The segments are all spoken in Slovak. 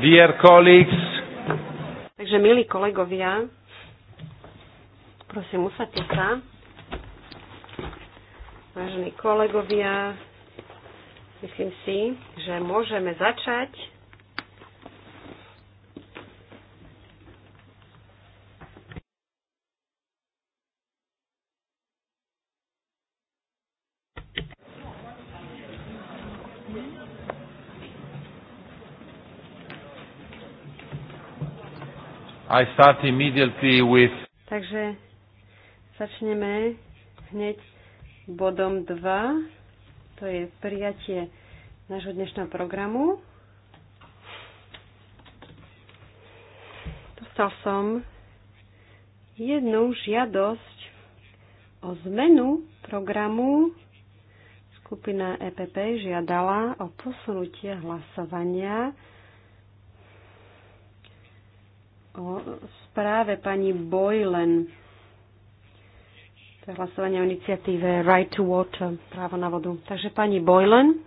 Dear colleagues. Takže milí kolegovia, prosím, usadte sa. Vážení kolegovia, myslím si, že môžeme začať I start immediately with... Takže začneme hneď bodom 2. To je prijatie nášho dnešného programu. Dostal som jednu žiadosť o zmenu programu. Skupina EPP žiadala o posunutie hlasovania o správe pani Boylen. To je hlasovanie o iniciatíve Right to Water, právo na vodu. Takže pani Boylen.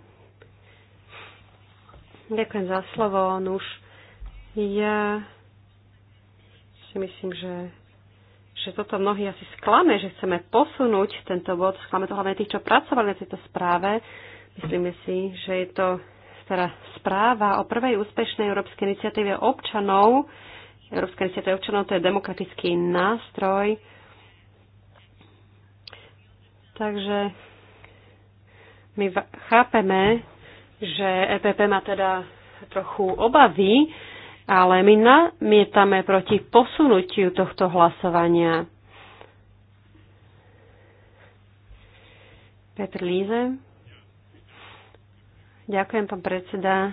Ďakujem za slovo. Nuž, ja si myslím, že, že toto mnohí asi sklame, že chceme posunúť tento bod. Sklame to hlavne tých, čo pracovali na tejto správe. Myslíme si, že je to teda správa o prvej úspešnej európskej iniciatíve občanov, Európske iniciatíva občanov, to je demokratický nástroj. Takže my chápeme, že EPP má teda trochu obavy, ale my namietame proti posunutiu tohto hlasovania. Petr Líze. Ďakujem, pán predseda.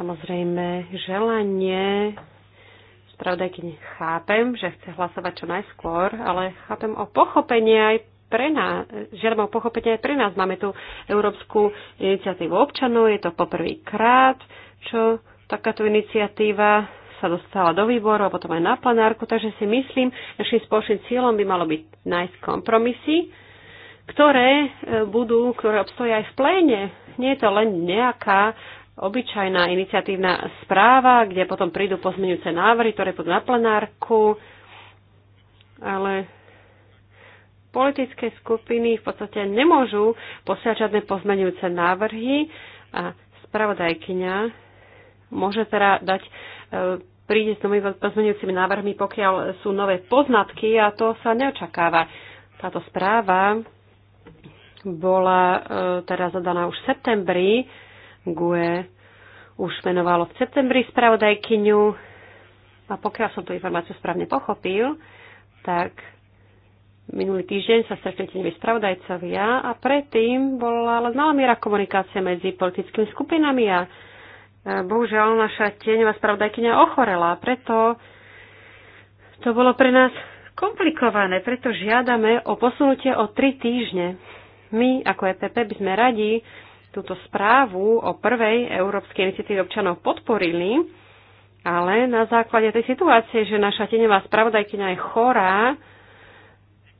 Samozrejme, želanie keď chápem, že chce hlasovať čo najskôr, ale chápem o pochopenie aj pre nás, žiadam o pochopenie aj pre nás. Máme tu Európsku iniciatívu občanov, je to poprvýkrát, čo takáto iniciatíva sa dostala do výboru a potom aj na plenárku, takže si myslím, našim spoločným cieľom by malo byť nájsť kompromisy, ktoré e, budú, ktoré obstojí aj v pléne. Nie je to len nejaká obyčajná iniciatívna správa, kde potom prídu pozmeňujúce návrhy, ktoré pôjdu na plenárku, ale politické skupiny v podstate nemôžu posiať žiadne pozmeňujúce návrhy a spravodajkyňa môže teda dať e, príde s novými pozmeňujúcimi návrhmi, pokiaľ sú nové poznatky a to sa neočakáva. Táto správa bola e, teda zadaná už v septembri GUE už menovalo v septembri spravodajkyňu a pokiaľ som tú informáciu správne pochopil, tak minulý týždeň sa stretli tieňoví spravodajcovia a predtým bola ale malá miera komunikácia medzi politickými skupinami a e, bohužiaľ naša tieňová spravodajkyňa ochorela, preto to bolo pre nás komplikované, preto žiadame o posunutie o tri týždne. My ako EPP by sme radi túto správu o prvej Európskej iniciatíve občanov podporili, ale na základe tej situácie, že naša tenevá spravodajkyňa je chorá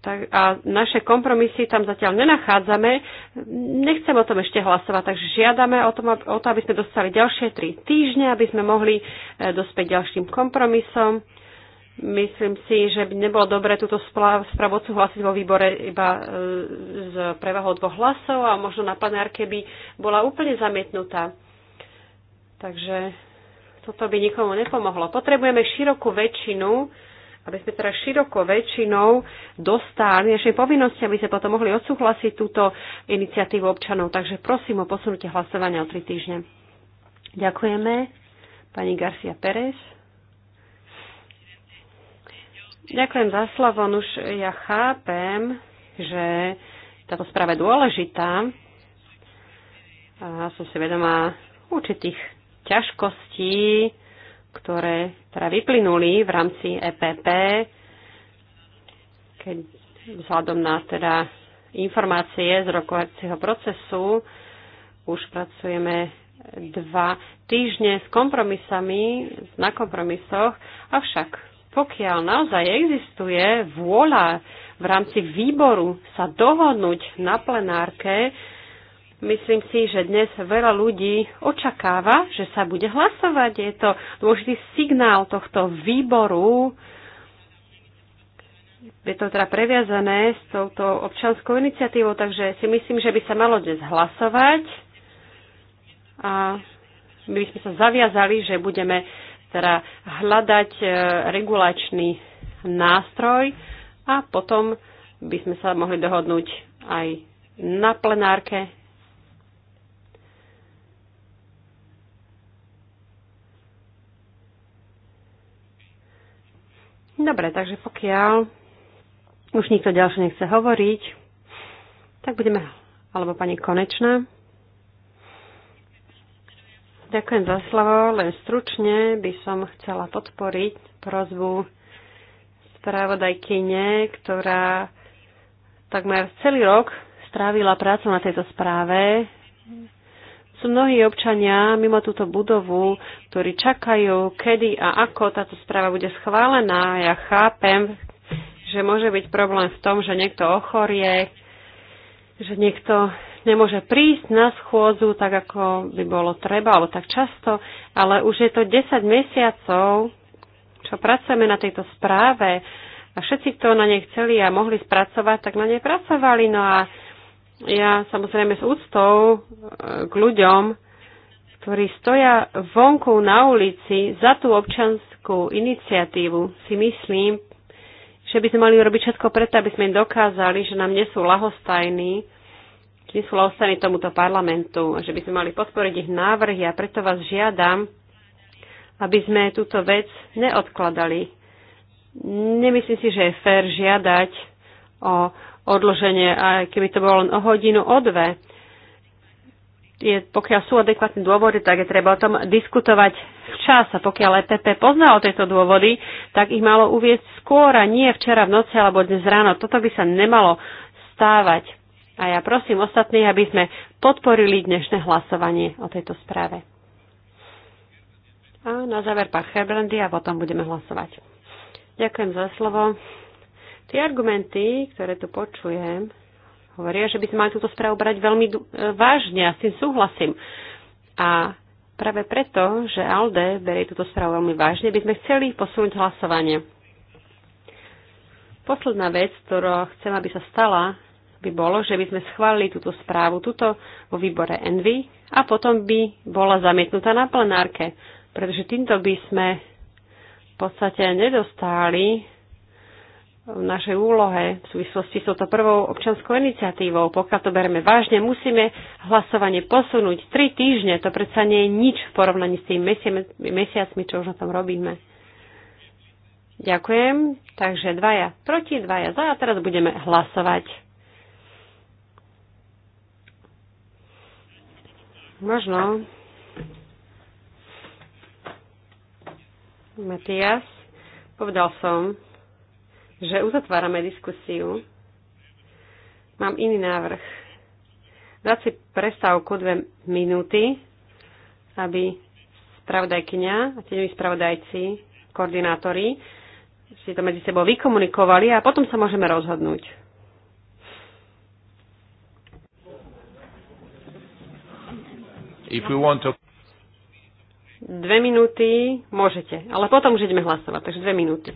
tak, a naše kompromisy tam zatiaľ nenachádzame, nechcem o tom ešte hlasovať, takže žiadame o, tom, o to, aby sme dostali ďalšie tri týždne, aby sme mohli eh, dospieť ďalším kompromisom. Myslím si, že by nebolo dobre túto správu súhlasiť vo výbore iba z e, prevahou dvoch hlasov a možno na panárke by bola úplne zamietnutá. Takže toto by nikomu nepomohlo. Potrebujeme širokú väčšinu, aby sme teda široko väčšinou dostali našej povinnosti, aby sme potom mohli odsúhlasiť túto iniciatívu občanov. Takže prosím o posunutie hlasovania o tri týždne. Ďakujeme. Pani Garcia Pérez. Ďakujem za slovo. Už ja chápem, že táto správa je dôležitá. A som si vedomá určitých ťažkostí, ktoré teda vyplynuli v rámci EPP, keď vzhľadom na teda informácie z rokovacieho procesu už pracujeme dva týždne s kompromisami, na kompromisoch, avšak pokiaľ naozaj existuje vôľa v rámci výboru sa dohodnúť na plenárke, myslím si, že dnes veľa ľudí očakáva, že sa bude hlasovať. Je to dôležitý signál tohto výboru. Je to teda previazané s touto občanskou iniciatívou, takže si myslím, že by sa malo dnes hlasovať. A my by sme sa zaviazali, že budeme teda hľadať e, regulačný nástroj a potom by sme sa mohli dohodnúť aj na plenárke. Dobre, takže pokiaľ už nikto ďalší nechce hovoriť, tak budeme, alebo pani Konečná. Ďakujem za slovo. Len stručne by som chcela podporiť prozbu spravodajkyne, ktorá takmer celý rok strávila prácu na tejto správe. Sú mnohí občania mimo túto budovu, ktorí čakajú, kedy a ako táto správa bude schválená. Ja chápem, že môže byť problém v tom, že niekto ochorie, že niekto nemôže prísť na schôdzu tak, ako by bolo treba, alebo tak často, ale už je to 10 mesiacov, čo pracujeme na tejto správe a všetci, kto na nej chceli a mohli spracovať, tak na nej pracovali. No a ja samozrejme s úctou e, k ľuďom, ktorí stoja vonku na ulici za tú občanskú iniciatívu, si myslím, že by sme mali urobiť všetko preto, aby sme dokázali, že nám nie sú lahostajní, číslo sú tomuto parlamentu, že by sme mali podporiť ich návrhy a preto vás žiadam, aby sme túto vec neodkladali. Nemyslím si, že je fér žiadať o odloženie, aj keby to bolo len o hodinu, o dve. Je, pokiaľ sú adekvátne dôvody, tak je treba o tom diskutovať včas. A pokiaľ EPP poznalo tieto dôvody, tak ich malo uvieť skôr a nie včera v noci alebo dnes ráno. Toto by sa nemalo stávať. A ja prosím ostatných, aby sme podporili dnešné hlasovanie o tejto správe. A na záver pán Herbrandy a potom budeme hlasovať. Ďakujem za slovo. Tie argumenty, ktoré tu počujem, hovoria, že by sme mali túto správu brať veľmi e, vážne a s tým súhlasím. A práve preto, že ALDE berie túto správu veľmi vážne, by sme chceli posunúť hlasovanie. Posledná vec, ktorá chcem, aby sa stala by bolo, že by sme schválili túto správu tuto vo výbore Envy a potom by bola zamietnutá na plenárke, pretože týmto by sme v podstate nedostali v našej úlohe v súvislosti s touto prvou občanskou iniciatívou. Pokiaľ to bereme vážne, musíme hlasovanie posunúť. Tri týždne, to predsa nie je nič v porovnaní s tými mesiacmi, čo už na tom robíme. Ďakujem. Takže dvaja proti, dvaja za a teraz budeme hlasovať. Možno. Matias, povedal som, že uzatvárame diskusiu. Mám iný návrh. Dať si prestávku dve minúty, aby spravodajkyňa a tieňoví spravodajci, koordinátori, si to medzi sebou vykomunikovali a potom sa môžeme rozhodnúť. If we want to... Dve minúty môžete, ale potom už ideme hlasovať, takže dve minúty.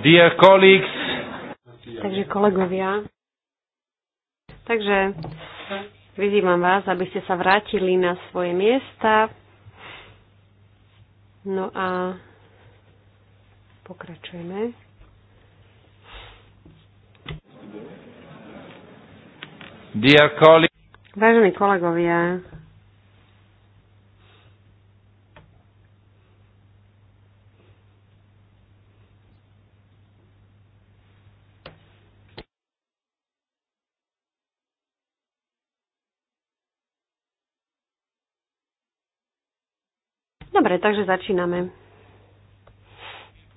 Dear colleagues. Takže kolegovia. Takže vyzývam vás, aby ste sa vrátili na svoje miesta. No a pokračujeme. Dear colleagues. Vážení kolegovia, Dobre, takže začíname.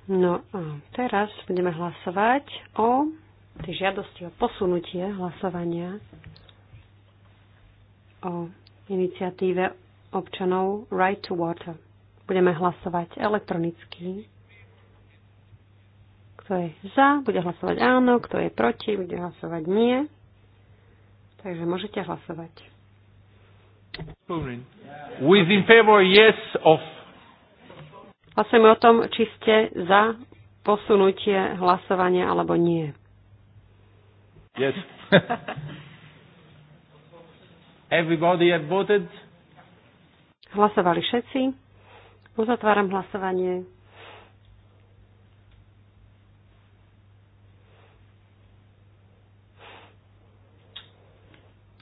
No a teraz budeme hlasovať o tej žiadosti o posunutie hlasovania o iniciatíve občanov Right to Water. Budeme hlasovať elektronicky. Kto je za, bude hlasovať áno, kto je proti, bude hlasovať nie. Takže môžete hlasovať. is in favor yes of Hlasujeme o tom, či ste za posunutie hlasovania alebo nie. Yes. Everybody have voted. Hlasovali všetci. Uzatváram hlasovanie.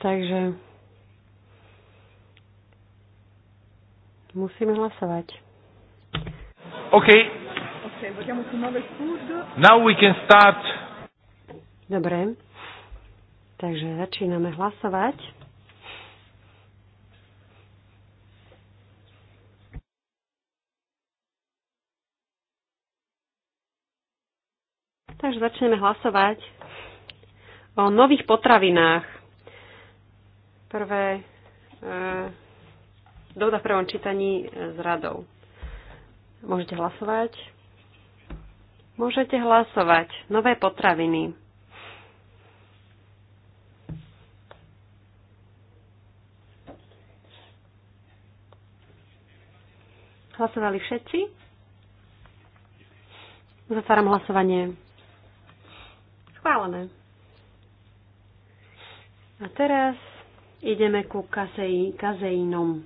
Takže musíme hlasovať. Okay. Now we can start. Dobre. Takže začíname hlasovať. Takže začneme hlasovať o nových potravinách. Prvé, e, dohoda v prvom čítaní eh, s radou. Môžete hlasovať. Môžete hlasovať. Nové potraviny. Hlasovali všetci? Zatváram hlasovanie. Chválené. A teraz ideme ku kazeínom.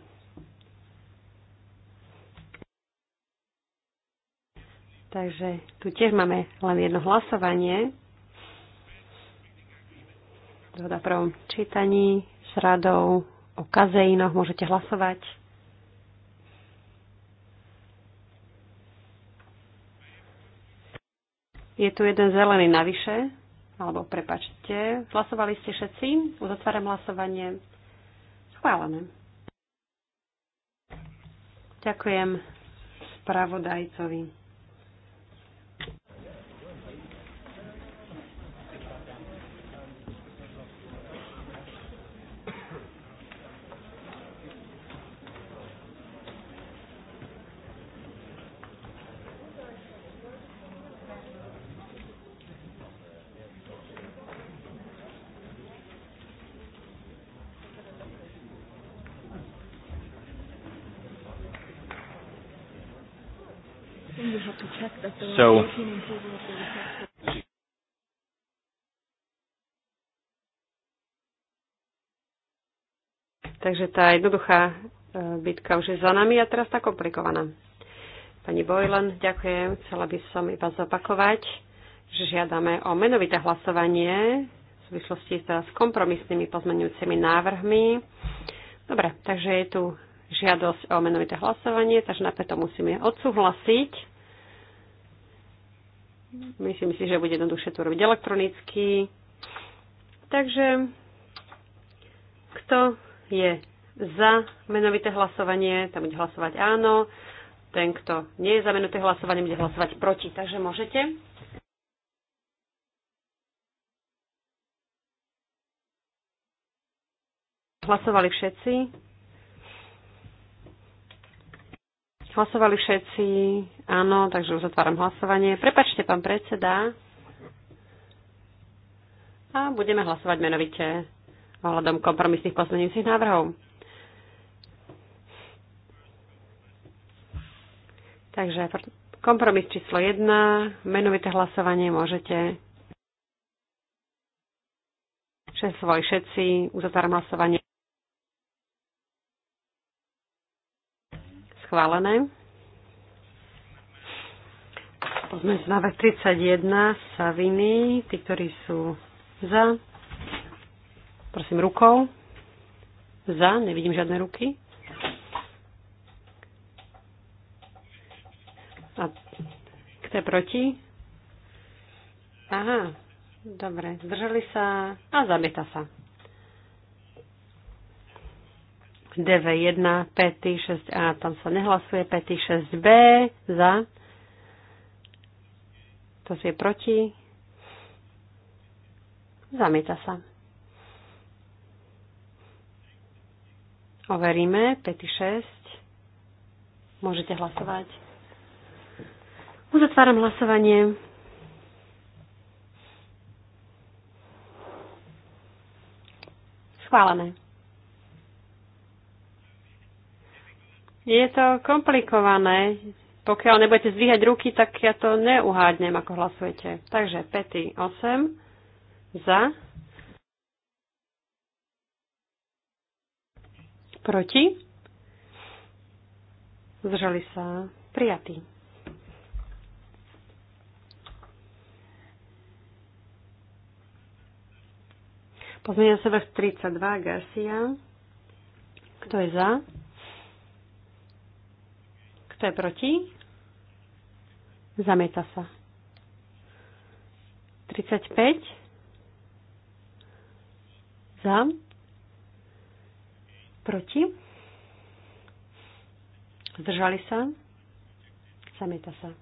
Takže tu tiež máme len jedno hlasovanie. Dohoda v prvom čítaní s radou o kazeínoch. Môžete hlasovať. Je tu jeden zelený navyše, alebo prepačte, hlasovali ste všetci, uzatváram hlasovanie. Schválené. Ďakujem spravodajcovi. So, Takže tá jednoduchá e, bitka už je za nami a teraz tá komplikovaná. Pani Bojlen, ďakujem. Chcela by som iba zopakovať, že žiadame o menovité hlasovanie v súvislosti s kompromisnými pozmenujúcimi návrhmi. Dobre, takže je tu žiadosť o menovité hlasovanie, takže najprv to musíme odsúhlasiť. Myslím si, že bude jednoduchšie to robiť elektronicky. Takže kto je za menovité hlasovanie, tam bude hlasovať áno. Ten, kto nie je za menovité hlasovanie, bude hlasovať proti. Takže môžete. Hlasovali všetci. Hlasovali všetci, áno, takže uzatváram hlasovanie. Prepačte, pán predseda. A budeme hlasovať menovite ohľadom kompromisných pozmeňujúcich návrhov. Takže kompromis číslo 1, menovité hlasovanie môžete. Všetci, všetci, uzatváram hlasovanie. schválené. Pozmeňujúci návrh 31 Saviny, tí, ktorí sú za, prosím rukou. Za, nevidím žiadne ruky. A kto je proti? Aha, dobre, zdržali sa a zamieta sa. DV1, 5, 6A, tam sa nehlasuje, 5, 6B, za. To je proti. Zamieta sa. Overíme, 5, 6. Môžete hlasovať. Uzatváram hlasovanie. Schválené. Je to komplikované. Pokiaľ nebudete zvíhať ruky, tak ja to neuhádnem, ako hlasujete. Takže 5, 8 za. Proti. Zdržali sa. Prijatí. Pozmeňujem sa 32 Garcia. Kto je za? Kto je proti? Zamieta sa. 35. Za. Proti. Zdržali sa. Zamieta sa.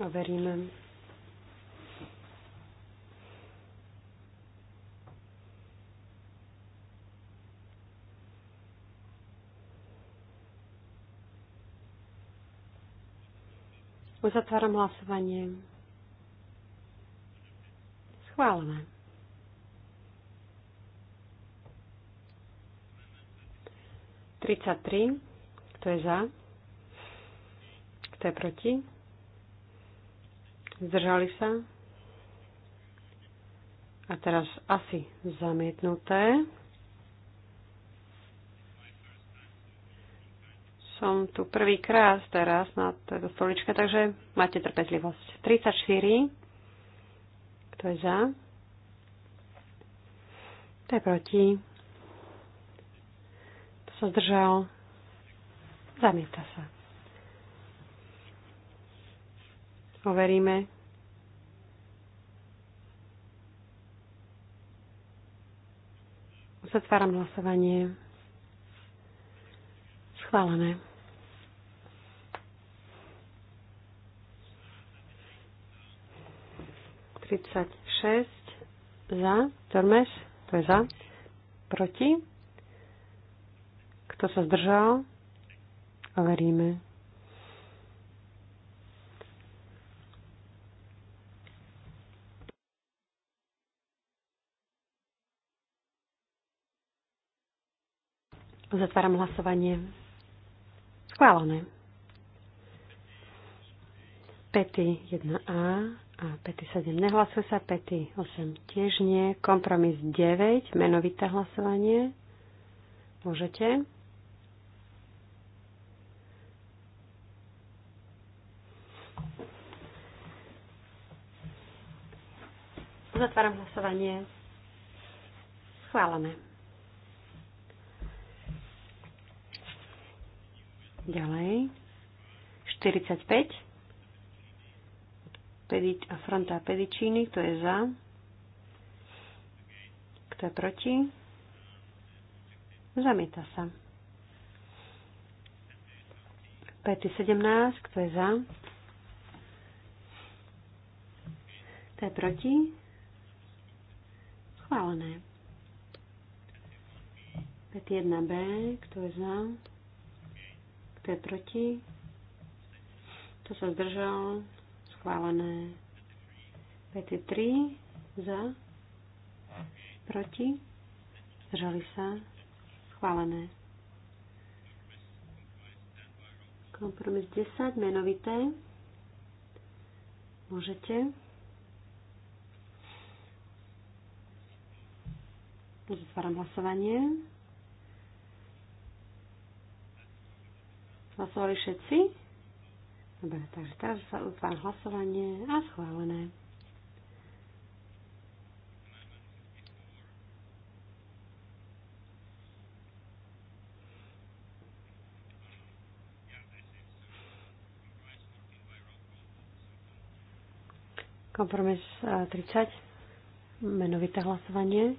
Overíme. Uzatváram hlasovanie. Schválené. Tridsaťtri. Kto je za? Kto je proti? Zdržali sa? A teraz asi zamietnuté. Som tu prvýkrát teraz na tejto stoličke, takže máte trpezlivosť. 34. Kto je za? Kto je proti? Kto sa zdržal? Zamieta sa. Overíme. Zatváram hlasovanie. Schválené. 36 za. Tormes, to je za. Proti. Kto sa zdržal? Veríme. Zatváram hlasovanie. Schválené. Pety 1a a 5 7 nehlasuje sa, 5 8 tiež nie. Kompromis 9, menovité hlasovanie. Môžete. Zatváram hlasovanie. Schválené. Ďalej. 45. Pedic, Franta Pedicini, kto je za, kto je proti, zamieta sa. Pety 17, kto je za, kto je proti, schválené. 1 b kto je za, kto je proti, kto sa zdržal, Schválené. Pety 3 za. Proti. Zdržali sa. Schválené. Kompromis 10, menovité. Môžete. Zatváram hlasovanie. Hlasovali všetci? Dobre, takže teraz sa otvára hlasovanie a schválené. Kompromis 30, menovité hlasovanie.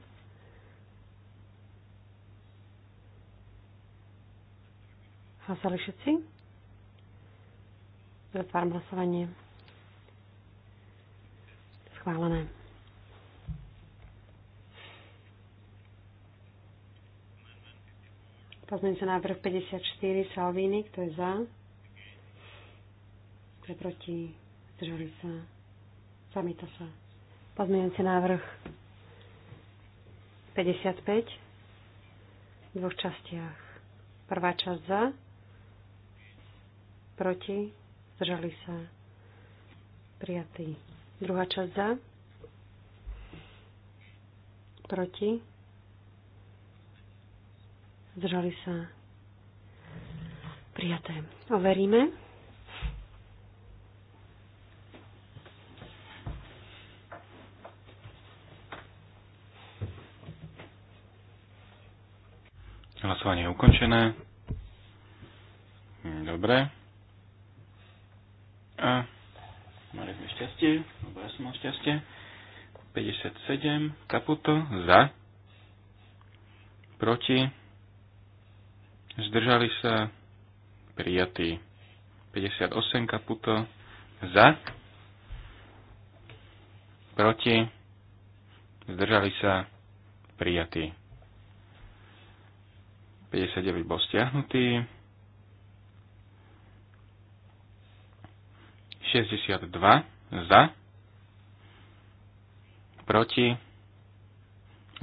Hlasali všetci? Zatváram hlasovanie. Schválené. Pozmeňujúci návrh 54 Salvini, kto je za? Kto je proti? Zdržali sa? se. sa. Pozmeňujúci návrh 55 v dvoch častiach. Prvá časť za, proti, zdržali sa, prijatý. Druhá časť za, proti, zdržali sa, prijaté. Overíme. Hlasovanie je ukončené. Dobre. A mali sme šťastie, alebo ja som mal šťastie. 57, Kaputo, za, proti, zdržali sa, prijatí. 58, Kaputo, za, proti, zdržali sa, prijatí. 59 bol stiahnutý. 62 za, proti,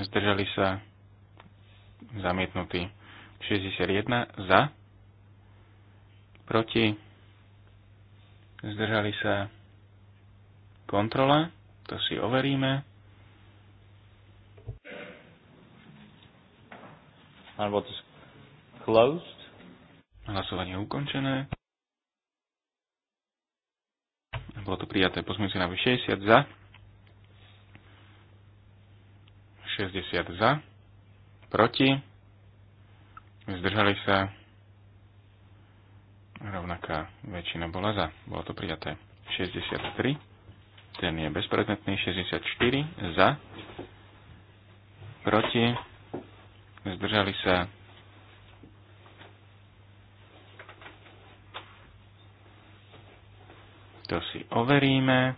zdržali sa zamietnutí. 61 za, proti, zdržali sa kontrola, to si overíme. Alebo to closed. Hlasovanie ukončené. Bolo to prijaté pozmeňujúci návrh 60 za. 60 za. Proti. Zdržali sa. Rovnaká väčšina bola za. Bolo to prijaté 63. Ten je bezpredmetný. 64 za. Proti. Zdržali sa To si overíme.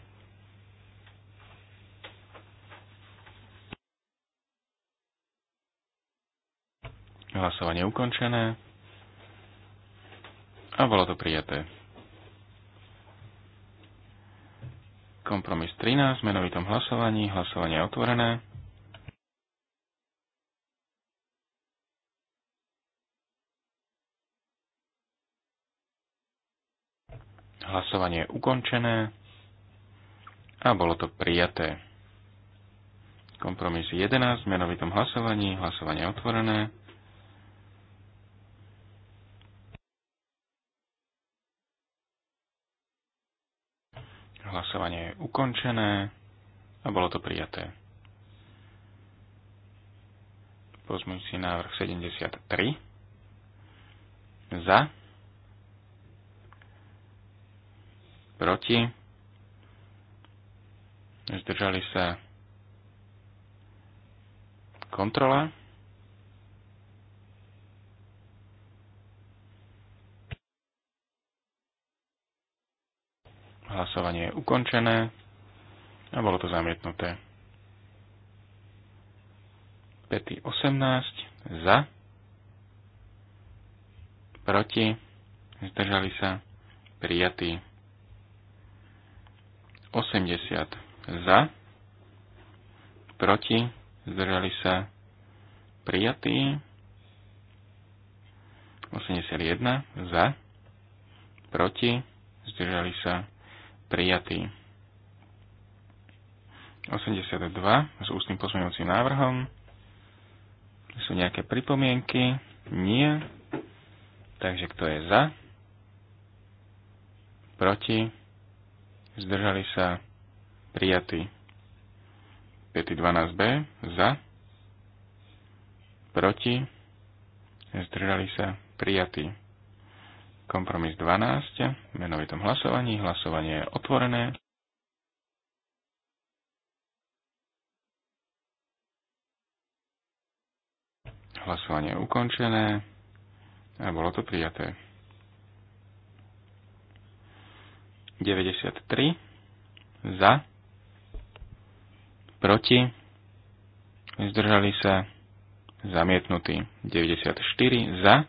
Hlasovanie ukončené. A bolo to prijaté. Kompromis 13, menovitom hlasovaní, hlasovanie otvorené. Hlasovanie je ukončené a bolo to prijaté. Kompromis 11 v menovitom hlasovaní, hlasovanie otvorené. Hlasovanie je ukončené a bolo to prijaté. si návrh 73. Za. proti, zdržali sa kontrola. Hlasovanie je ukončené a bolo to zamietnuté. 5. 18 za, proti, zdržali sa, prijatí 80 za, proti, zdržali sa prijatí, 81 za, proti, zdržali sa prijatí. 82 s ústnym pozmeňujúcim návrhom. Sú nejaké pripomienky? Nie. Takže kto je za? Proti? zdržali sa prijatí. 512b za, proti, zdržali sa prijatí. Kompromis 12, menovitom hlasovaní, hlasovanie je otvorené. Hlasovanie je ukončené a bolo to prijaté. 93 za, proti, zdržali sa, zamietnutí 94 za,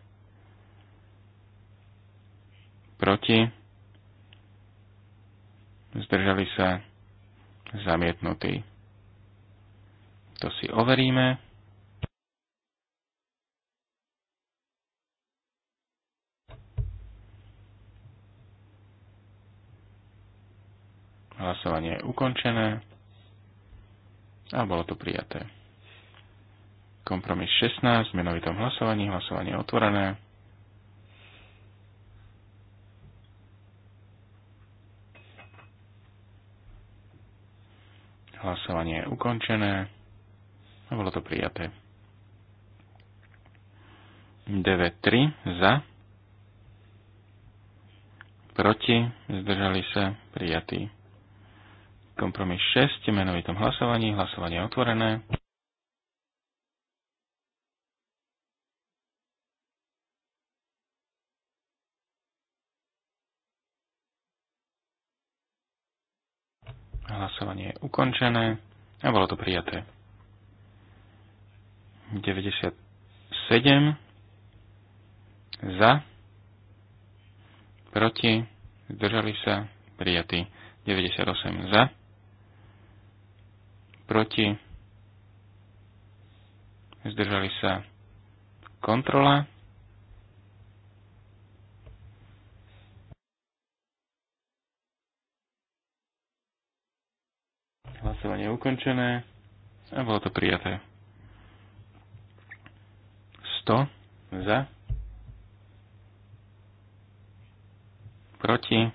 proti, zdržali sa, zamietnutí. To si overíme. Hlasovanie je ukončené a bolo to prijaté. Kompromis 16 v menovitom hlasovaní, hlasovanie je otvorené. Hlasovanie je ukončené a bolo to prijaté. 9-3 za proti, zdržali sa, prijatý kompromis 6, menovitom hlasovaní, hlasovanie je otvorené. Hlasovanie je ukončené a bolo to prijaté. 97 za, proti, zdržali sa, prijatí. 98 za, proti, zdržali sa kontrola. Hlasovanie je ukončené a bolo to prijaté. 100 za, proti,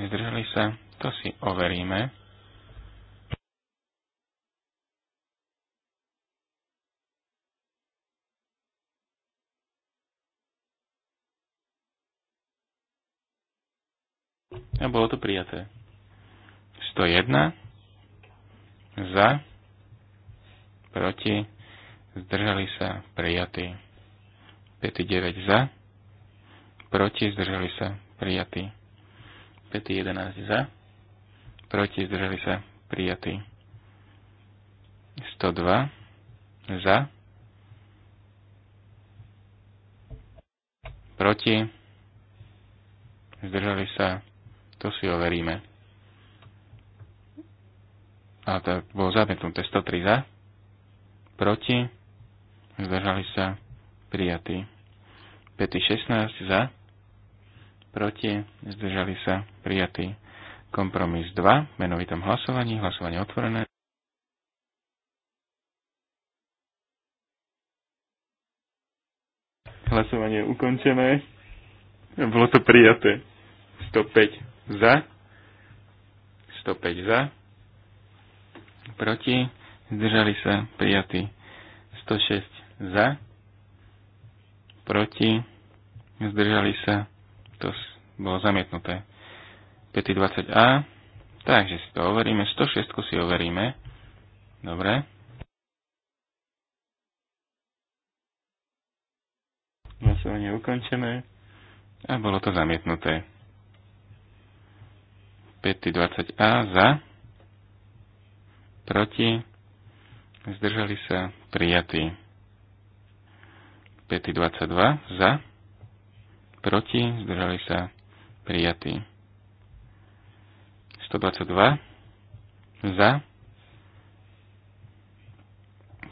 Zdržali sa? To si overíme. A bolo to prijaté. 101 za, proti, zdržali sa, prijatí. 5,9 za, proti, zdržali sa, prijatí. 5. 11 za, proti zdržali sa prijatí 102 za, proti zdržali sa, to si overíme. A to bolo zamietnuté 103 za, proti zdržali sa prijatí 5. 16 za, proti, zdržali sa, prijatý. Kompromis 2, menovitom hlasovaní, hlasovanie otvorené. Hlasovanie ukončené. Bolo to prijaté. 105 za. 105 za. Proti. Zdržali sa prijatí. 106 za. Proti. Zdržali sa to bolo zamietnuté. 520A, takže si to overíme, 106 si overíme, dobre. Hlasovanie ukončené a bolo to zamietnuté. 520A za, proti, zdržali sa prijatí. 522 za, proti, zdržali sa prijatí. 122 za,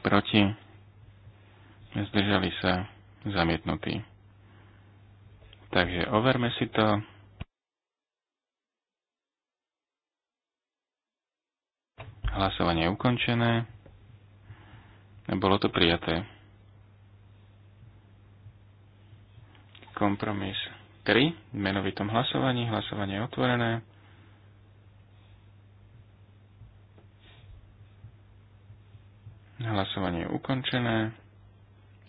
proti, zdržali sa zamietnutí. Takže overme si to. Hlasovanie je ukončené. Bolo to prijaté. kompromis 3 v menovitom hlasovaní. Hlasovanie je otvorené. Hlasovanie je ukončené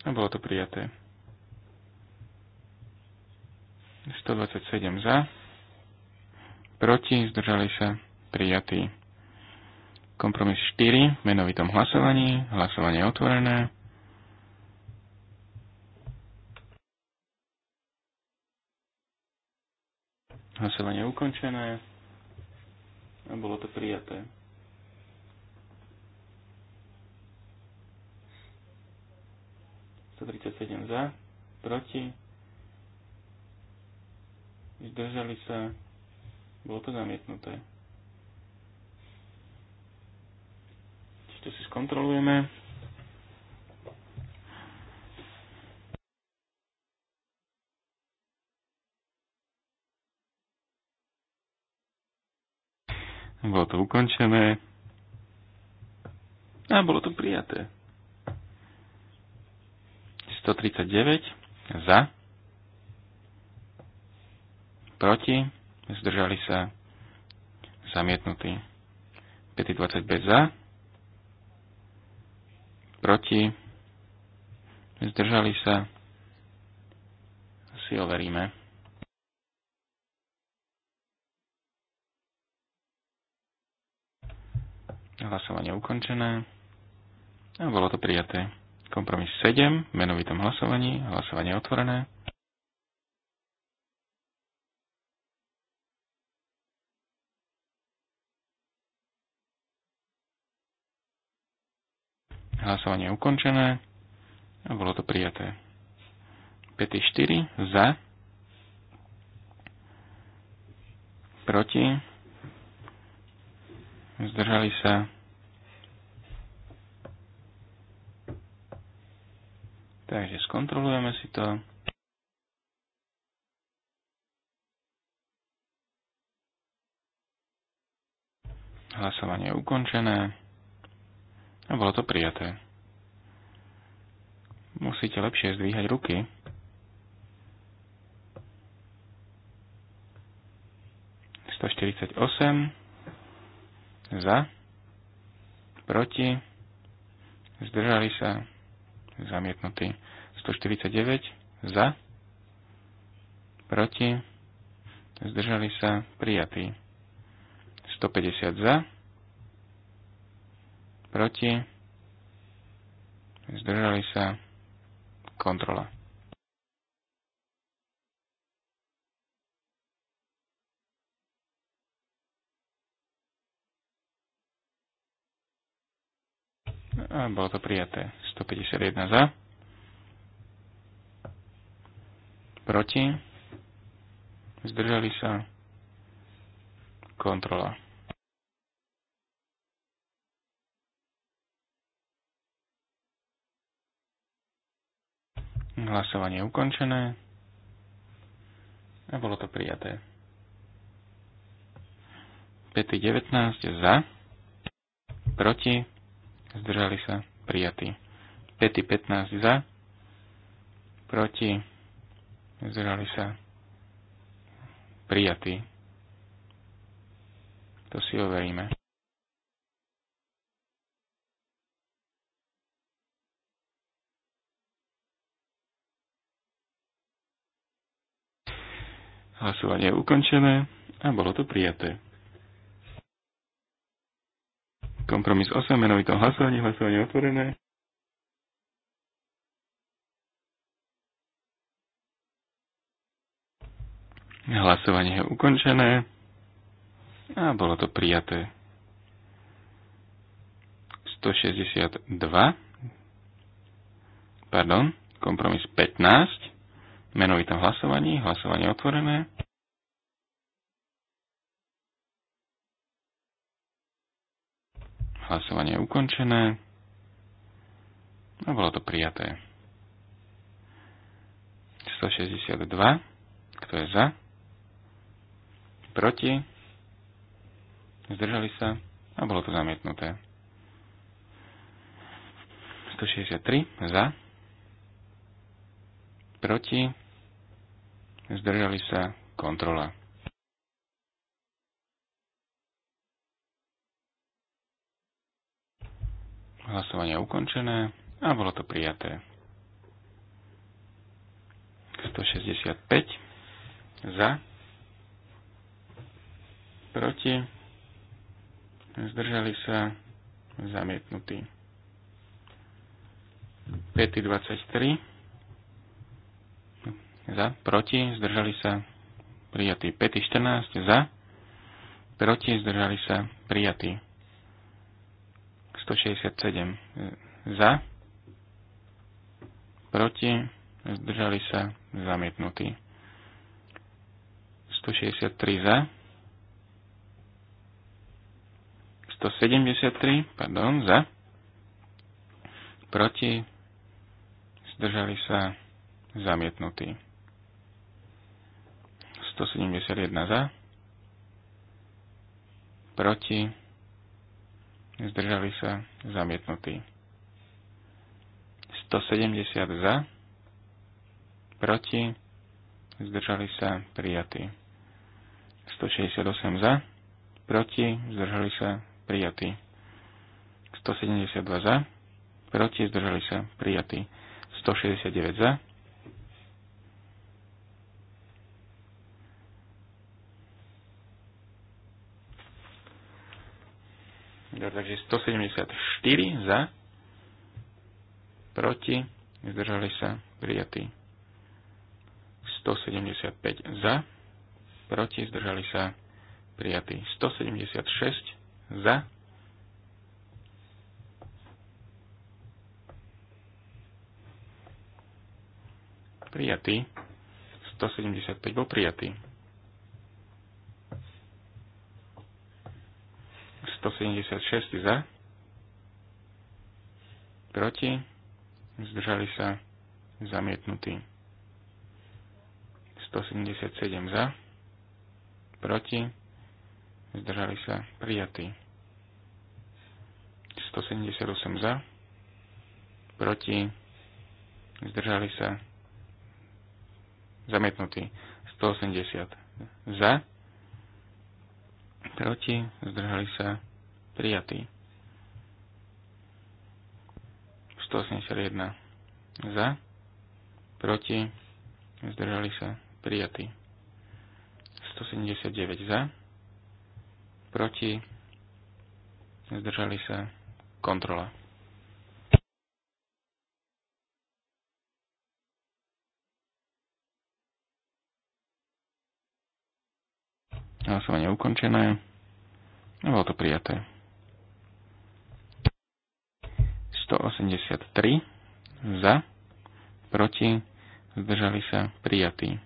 a bolo to prijaté. 127 za, proti, zdržali sa, prijatý. Kompromis 4 v menovitom hlasovaní, hlasovanie je otvorené. Hlasovanie ukončené. A bolo to prijaté. sedem za, proti, zdržali sa, bolo to zamietnuté. Čiže to si skontrolujeme. Bolo to ukončené. A bolo to prijaté. 139 za. Proti. Zdržali sa zamietnutí. 525 za. Proti. Zdržali sa. Si overíme. Hlasovanie ukončené. A bolo to prijaté. Kompromis 7, menovitom hlasovaní, hlasovanie otvorené. Hlasovanie ukončené a bolo to prijaté. 5 4 za, proti, zdržali sa, takže skontrolujeme si to. Hlasovanie je ukončené a bolo to prijaté. Musíte lepšie zdvíhať ruky. Sto štyridsať osem za, proti, zdržali sa, zamietnutý. 149 za, proti, zdržali sa, prijatý. 150 za, proti, zdržali sa, kontrola. A bolo to prijaté. 151 za. Proti. Zdržali sa. Kontrola. Hlasovanie je ukončené. A bolo to prijaté. 5.19 za. Proti zdržali sa, prijatý. 5. 15 za, proti, zdržali sa, prijatý. To si overíme. Hlasovanie je ukončené a bolo to prijaté. Kompromis 8, menovitom hlasovanie, hlasovanie otvorené. Hlasovanie je ukončené a bolo to prijaté. 162, pardon, kompromis 15, menovitom hlasovaní, hlasovanie otvorené. Hlasovanie je ukončené. A bolo to prijaté. 162. Kto je za? Proti? Zdržali sa? A bolo to zamietnuté. 163. Za? Proti? Zdržali sa? Kontrola. Hlasovanie je ukončené a bolo to prijaté. 165 za, proti, zdržali sa, zamietnutí. 5.23 za, proti, zdržali sa, prijatí. 5.14 za, proti, zdržali sa, prijatí. 167 za, proti, zdržali sa, zamietnutí. 163 za, 173, pardon, za, proti, zdržali sa, zamietnutí. 171 za, proti, zdržali sa, zamietnutí. 170 za, proti, zdržali sa, prijatí. 168 za, proti, zdržali sa, prijatí. 172 za, proti, zdržali sa, prijatí. 169 za, takže 174 za, proti, zdržali sa, prijatí. 175 za, proti, zdržali sa, prijatí. 176 za, prijatý. 175 bol prijatý. 176 za, proti, zdržali sa zamietnutí. 177 za, proti, zdržali sa prijatí. 178 za, proti, zdržali sa zamietnutí. 180 za, proti, zdržali sa prijatý. 181 za, proti, zdržali sa, prijatý. 179 za, proti, zdržali sa, kontrola. Hlasovanie ukončené. Bolo to prijaté. 183 za, proti, zdržali sa prijatí.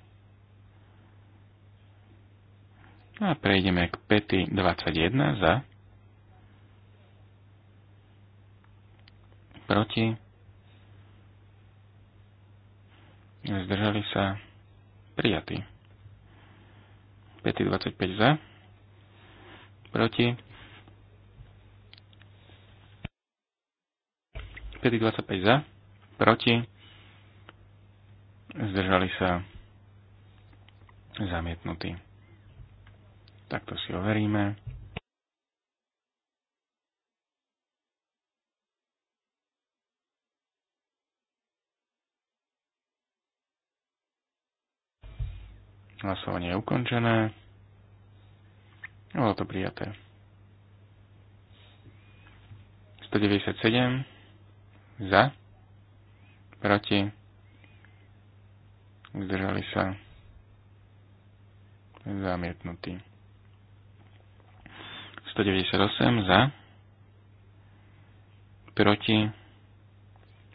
A prejdeme k pety 21 za, proti, zdržali sa prijatí. 525 za, proti, 25 za, proti, zdržali sa zamietnutí. Takto si overíme. Hlasovanie je ukončené. Bolo to prijaté. 197 za, proti, zdržali sa, zamietnutí. 198 za, proti,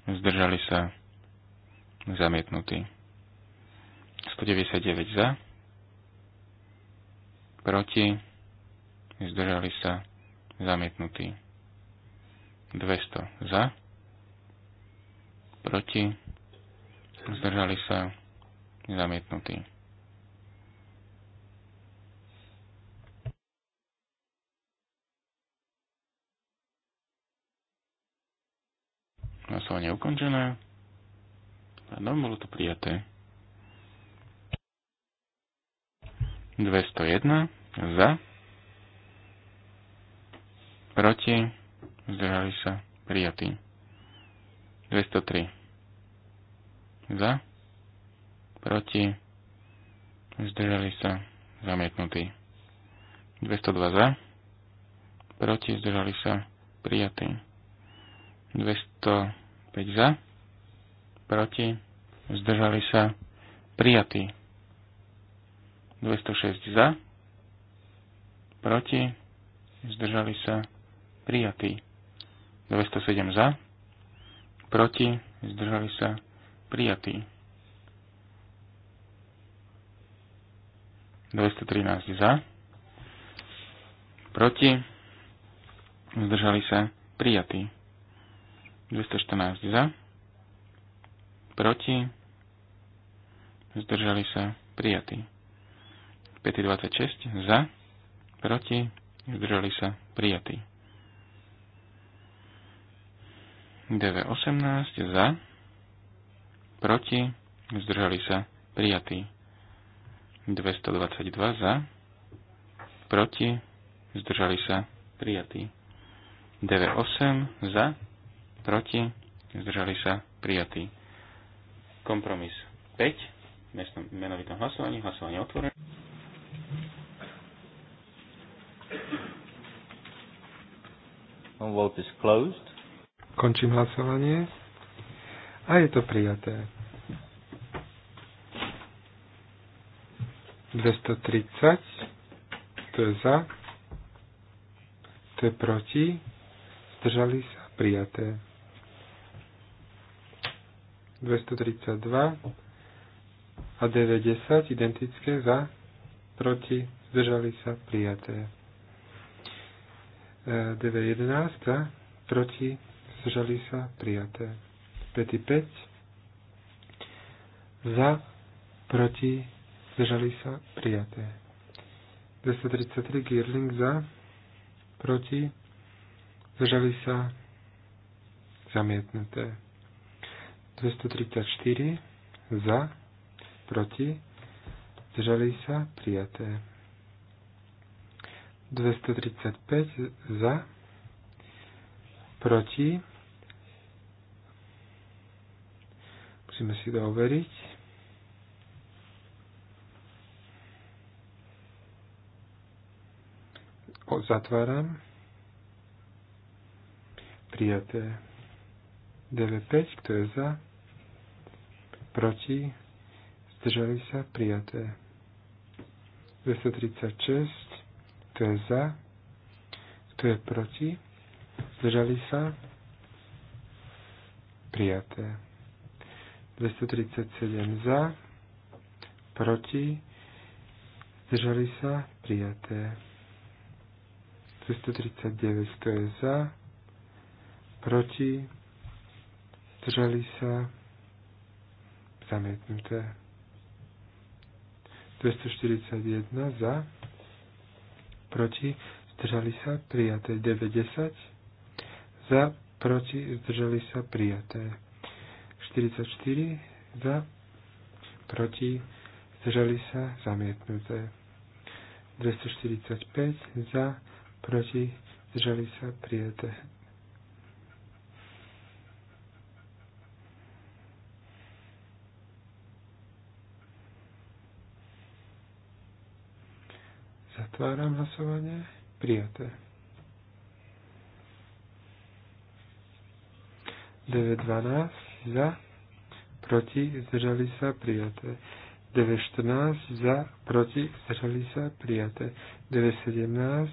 zdržali sa, zamietnutí. 199 za, proti, zdržali sa, zamietnutí. 200 za, proti, zdržali sa, zamietnutí. Hlasovanie ukončené. Áno, bolo to prijaté. 201 za, proti, zdržali sa, prijatí. 203. Za. Proti. Zdržali sa. Zamietnutí. 202 za. Proti. Zdržali sa. Prijatí. 205 za. Proti. Zdržali sa. Prijatí. 206 za. Proti. Zdržali sa. Prijatí. 207 za proti, zdržali sa, prijatí. 213 za, proti, zdržali sa, prijatí. 214 za, proti, zdržali sa, prijatí. 526 za, proti, zdržali sa, prijatí. DV18 za, proti, zdržali sa, prijatý. 222 za, proti, zdržali sa, prijatý. DV8 za, proti, zdržali sa, prijatý. Kompromis 5, mestnom, menovitom hlasovaní, hlasovanie otvorené. vote is closed. Končím hlasovanie. A je to prijaté. 230. To je za. To je proti. Zdržali sa. Prijaté. 232 a 90 identické za, proti, zdržali sa, prijaté. 911 e, za, proti, zdržali sa, prijaté. Pety 5, za, proti, zdržali sa, prijaté. 233 Girling za, proti, zdržali sa, zamietnuté. 234 za, proti, zdržali sa, prijaté. 235 za, proti, Musíme si to overiť. O, zatváram. Prijaté. DV5, kto je za? Proti? Zdržali sa? Prijaté. 236, kto je za? Kto je proti? Zdržali sa? Prijaté. 237 za, proti, zdržali sa, prijaté. 239 to je za, proti, zdržali sa, zamietnuté. 241 za, proti, zdržali sa, prijaté. 90 za, proti, zdržali sa, prijaté. 44 za, proti, zdržali sa, zamietnuté. 245 za, proti, zdržali sa, prijete. Zatváram hlasovanie. prijete. 9.12 za, proti, zdržali sa, prijaté. 9.14 za, proti, zdržali sa, prijaté. 9.17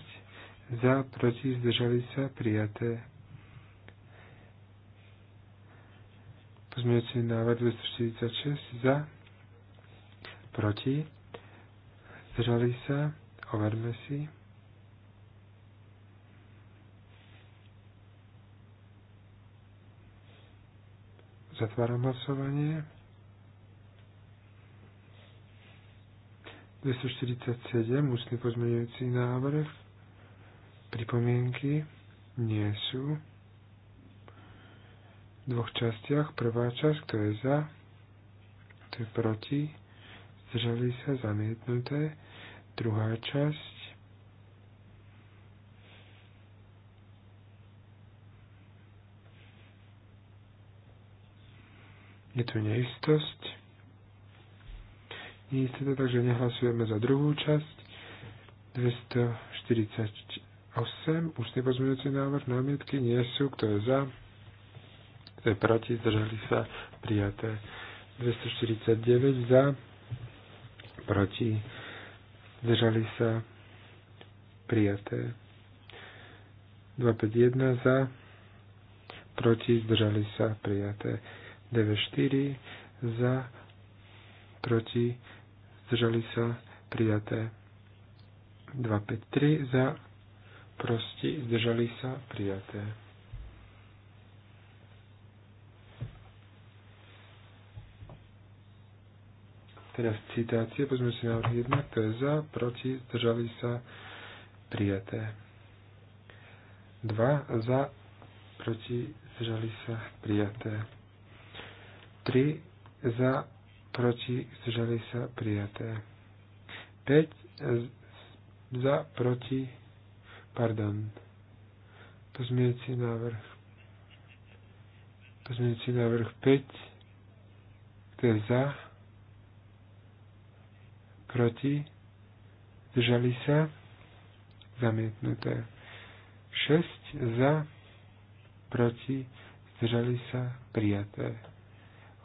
za, proti, zdržali sa, prijaté. Pozmeňujúci návrh 246 za, proti, zdržali sa, overme si. Zatváram hlasovanie. 247, ústny pozmeňujúci návrh. Pripomienky nie sú. V dvoch častiach. Prvá časť, kto je za, kto je proti, zdržali sa, zamietnuté. Druhá časť, Je tu neistosť. Neistota, takže nehlasujeme za druhú časť. 248. Ústny pozmeňujúci návrh. Námietky nie sú. Kto je za? Kto je proti? Zdržali sa. Prijaté. 249 za. Proti. Zdržali sa. Prijaté. 251 za proti, zdržali sa, prijaté. 9 4 za, proti, zdržali sa, prijaté. 253 za, prosti, zdržali sa, prijaté. Teraz citácie, pozme si návrh 1, to je za, proti, zdržali sa, prijaté. 2 za, proti, zdržali sa, prijaté. 3 za, proti, zdržali sa prijaté. 5 za, proti, pardon, pozmienci návrh. Pozmienci návrh 5, to je za, proti, zdržali sa, zamietnuté. 6 za, proti, zdržali sa, prijaté.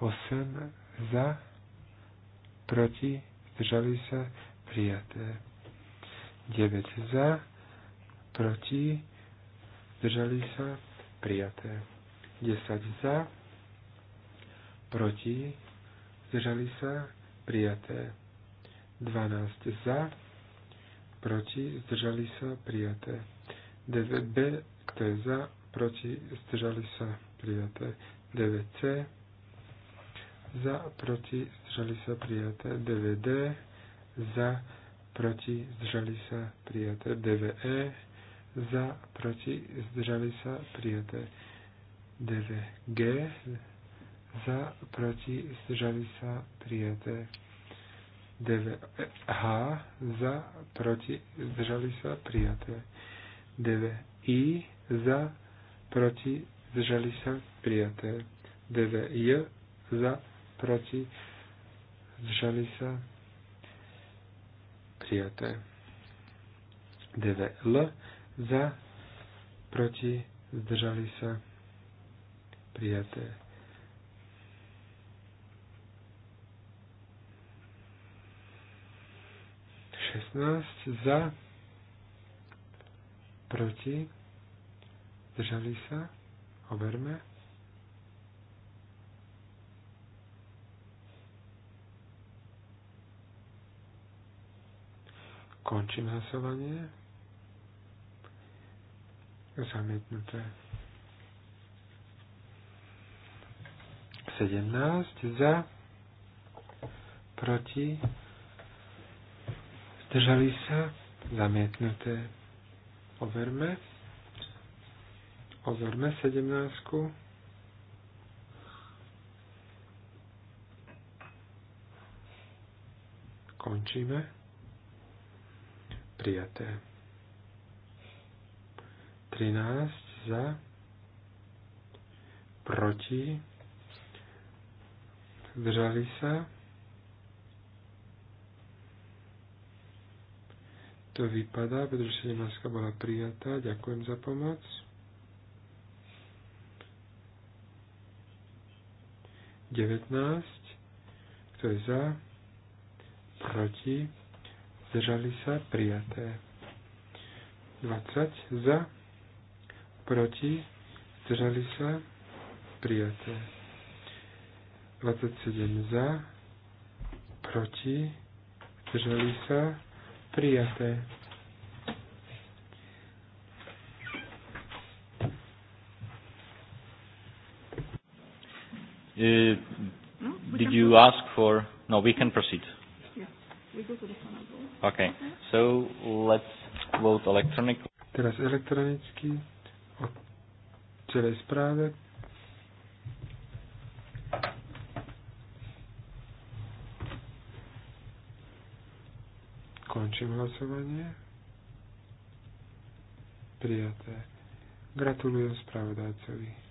8 za, proti, zdržali sa, prijaté. 9 za, proti, zdržali sa, prijaté. 10 za, proti, zdržali sa, prijaté. 12 za, proti, zdržali sa, prijaté. 9b, kto je za, proti, zdržali sa, prijaté. 9c, za, proti, zdržali sa prijaté DVD, za, proti, zdržali sa prijaté DVE, za, proti, zdržali sa prijaté DVG, za, proti, zdržali sa prijaté DVH, za, proti, zdržali sa prijaté DVI, za, proti, zdržali sa prijaté DVJ, za, proti, zdržali sa, prijaté. DVL za, proti, zdržali sa, prijaté. Šestnáct za, proti, zdržali sa, overme. skončí násilanie, je Zamietnuté. 17 za, proti, zdržali sa, zamietnuté. Overme. Overme 17. Končíme prijaté. 13 za, proti, zdržali sa. To vypadá, pretože 17 bola prijatá. Ďakujem za pomoc. Devätnásť, kto je za, proti, zdržali sa, prijaté. 20 za, proti, zdržali sa, prijaté. 27 za, proti, zdržali sa, prijaté. Uh, no, did you ask for? No, we can proceed. Yeah, we go to the final Okay. So let's vote electronically. Teraz elektronicky o celej správe. Končím hlasovanie. Prijaté. Gratulujem spravodajcovi.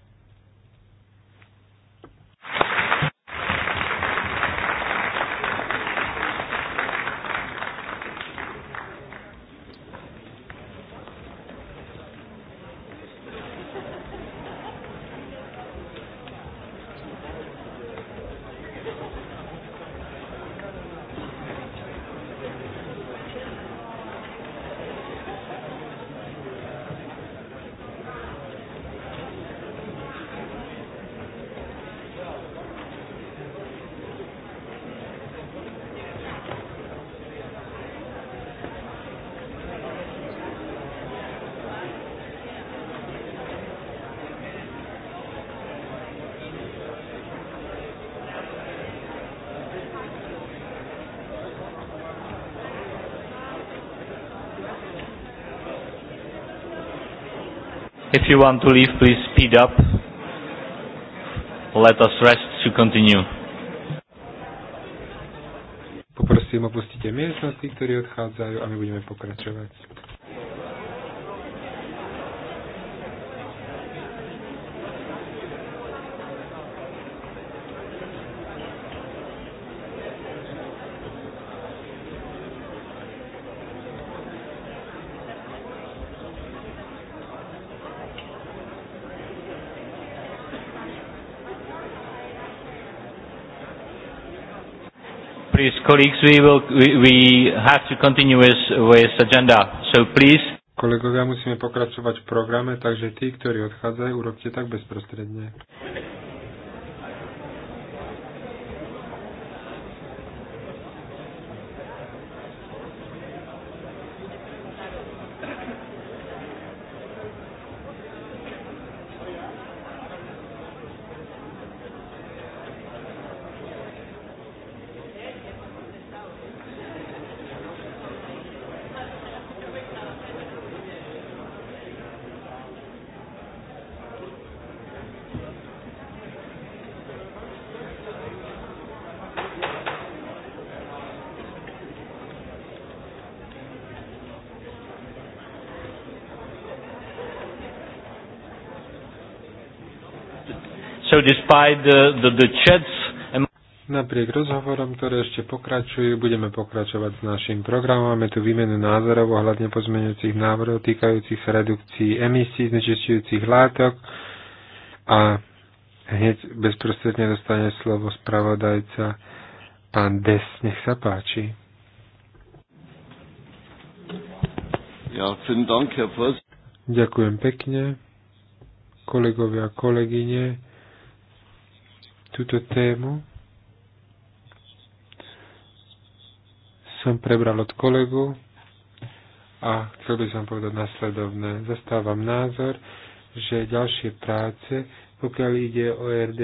If you want to leave, please speed up. Let us rest to continue. Poprosím, opustite miestnosti, ktorí odchádzajú a my budeme pokračovať. colleagues, we, will, we, we have to continue with, with agenda. So please. Kolegovia, musíme pokračovať v programe, takže tí, ktorí odchádzajú, urobte tak bezprostredne. despite the, the, the chats and... Napriek rozhovorom, ktoré ešte pokračujú, budeme pokračovať s našim programom. Máme tu výmenu názorov ohľadne pozmeňujúcich návrhov týkajúcich sa redukcií emisí znečistujúcich látok a hneď bezprostredne dostane slovo spravodajca pán Des. Nech sa páči. Ja, Dank, Ďakujem pekne, kolegovia a kolegyne túto tému som prebral od kolegu a chcel by som povedať nasledovné. Zastávam názor, že ďalšie práce, pokiaľ ide o RD,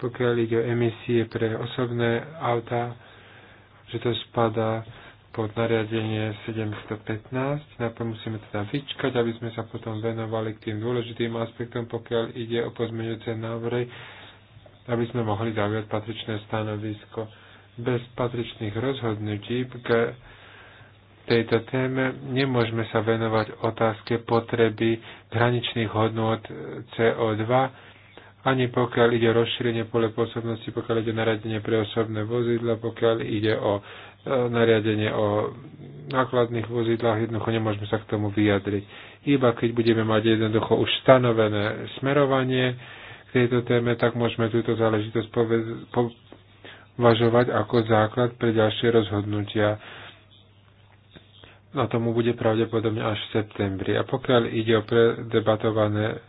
pokiaľ ide o emisie pre osobné autá, že to spadá pod nariadenie 715. Najprv musíme teda vyčkať, aby sme sa potom venovali k tým dôležitým aspektom, pokiaľ ide o pozmeňujúce návrhy aby sme mohli zaujať patričné stanovisko. Bez patričných rozhodnutí k tejto téme nemôžeme sa venovať otázke potreby hraničných hodnôt CO2, ani pokiaľ ide o rozšírenie pole pôsobnosti, pokiaľ ide o nariadenie pre osobné vozidla, pokiaľ ide o e, nariadenie o nákladných vozidlách, jednoducho nemôžeme sa k tomu vyjadriť. Iba keď budeme mať jednoducho už stanovené smerovanie, tejto téme, tak môžeme túto záležitosť považovať ako základ pre ďalšie rozhodnutia. Na no, tomu bude pravdepodobne až v septembri. A pokiaľ ide o predebatované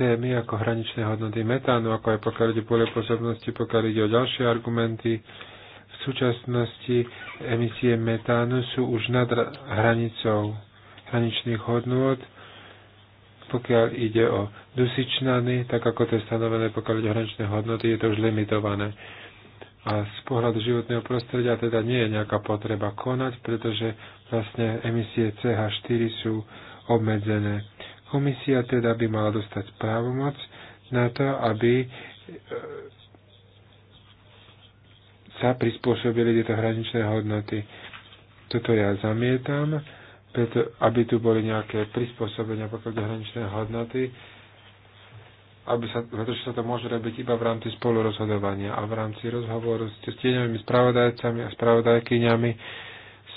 témy ako hraničné hodnoty metánu, ako aj pokiaľ ide o pozornosti, pokiaľ ide o ďalšie argumenty, v súčasnosti emisie metánu sú už nad hranicou hraničných hodnot. Pokiaľ ide o dusičnany, tak ako to je stanovené, pokiaľ ide o hraničné hodnoty, je to už limitované. A z pohľadu životného prostredia teda nie je nejaká potreba konať, pretože vlastne emisie CH4 sú obmedzené. Komisia teda by mala dostať právomoc na to, aby e, sa prispôsobili tieto hraničné hodnoty. Toto ja zamietam preto, aby tu boli nejaké prispôsobenia pokiaľ hraničné hodnoty, aby sa, pretože sa to môže robiť iba v rámci spolurozhodovania a v rámci rozhovoru s tieňovými spravodajcami a spravodajkyňami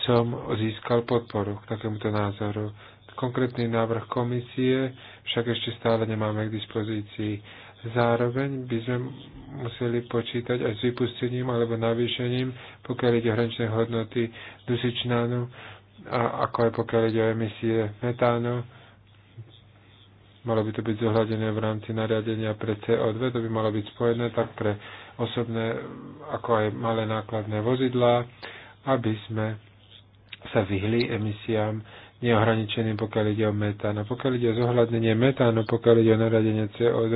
som získal podporu k takémuto názoru. Konkrétny návrh komisie však ešte stále nemáme k dispozícii. Zároveň by sme museli počítať aj s vypustením alebo navýšením, pokiaľ ide o hraničné hodnoty dusičnánu a ako aj pokiaľ ide o emisie metánu. Malo by to byť zohľadené v rámci nariadenia pre CO2, to by malo byť spojené tak pre osobné, ako aj malé nákladné vozidlá, aby sme sa vyhli emisiám neohraničeným, pokiaľ ide o metán. A pokiaľ ide o zohľadnenie metánu, pokiaľ ide o nariadenie CO2,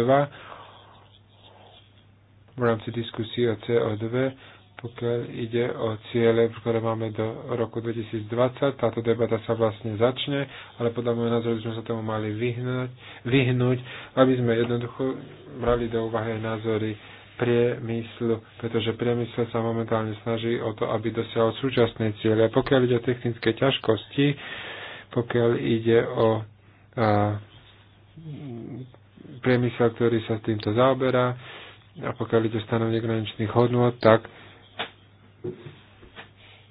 v rámci diskusie o CO2, pokiaľ ide o ciele, ktoré máme do roku 2020. Táto debata sa vlastne začne, ale podľa môjho názoru by sme sa tomu mali vyhnúť, vyhnúť aby sme jednoducho brali do úvahy názory priemyslu, pretože priemysel sa momentálne snaží o to, aby dosiahol súčasné ciele. A Pokiaľ ide o technické ťažkosti, pokiaľ ide o a, priemysel, ktorý sa týmto zaoberá, a pokiaľ ide o stanovenie graničných hodnot, tak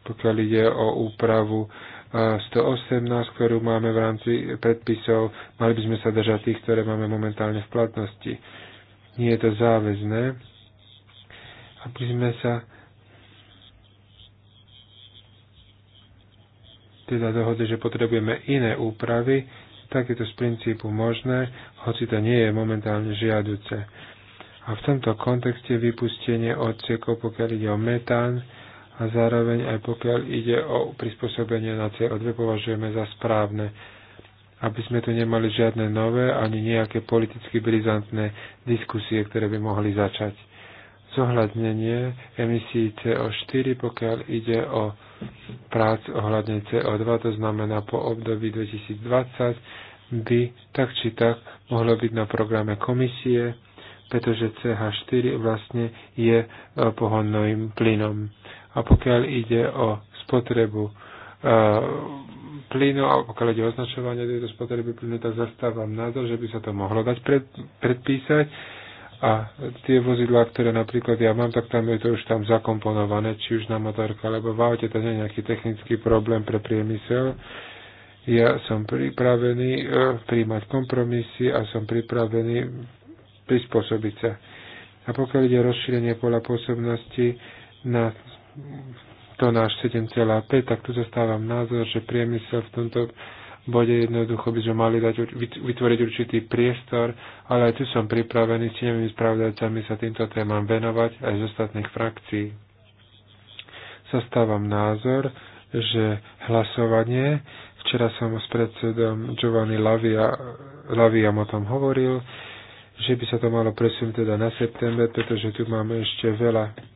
pokiaľ ide o úpravu 118, e, ktorú máme v rámci predpisov, mali by sme sa držať tých, ktoré máme momentálne v platnosti. Nie je to záväzné, aby sme sa teda dohodli, že potrebujeme iné úpravy, tak je to z princípu možné, hoci to nie je momentálne žiaduce. A v tomto kontexte vypustenie odsekov, pokiaľ ide o metán, a zároveň aj pokiaľ ide o prispôsobenie na CO2 považujeme za správne aby sme tu nemali žiadne nové ani nejaké politicky brizantné diskusie, ktoré by mohli začať. Zohľadnenie emisí CO4, pokiaľ ide o prác ohľadne CO2, to znamená po období 2020, by tak či tak mohlo byť na programe komisie, pretože CH4 vlastne je eh, pohonným plynom. A pokiaľ ide o spotrebu e, plynu, a pokiaľ ide o označovanie tejto spotreby plynu, tak zastávam názor, že by sa to mohlo dať pred, predpísať. A tie vozidlá, ktoré napríklad ja mám, tak tam je to už tam zakomponované, či už na motorka, alebo v aute, to nie je nejaký technický problém pre priemysel. Ja som pripravený e, príjmať kompromisy a som pripravený prispôsobiť sa. A pokiaľ ide rozšírenie pola pôsobnosti na to náš 7,5, tak tu zastávam názor, že priemysel v tomto bode jednoducho by sme mali dať, vytvoriť určitý priestor, ale aj tu som pripravený s tými spravodajcami sa týmto témam venovať aj z ostatných frakcií. Zastávam názor, že hlasovanie, včera som s predsedom Giovanni Lavia, Laviam o tom hovoril, že by sa to malo presunúť teda na september, pretože tu máme ešte veľa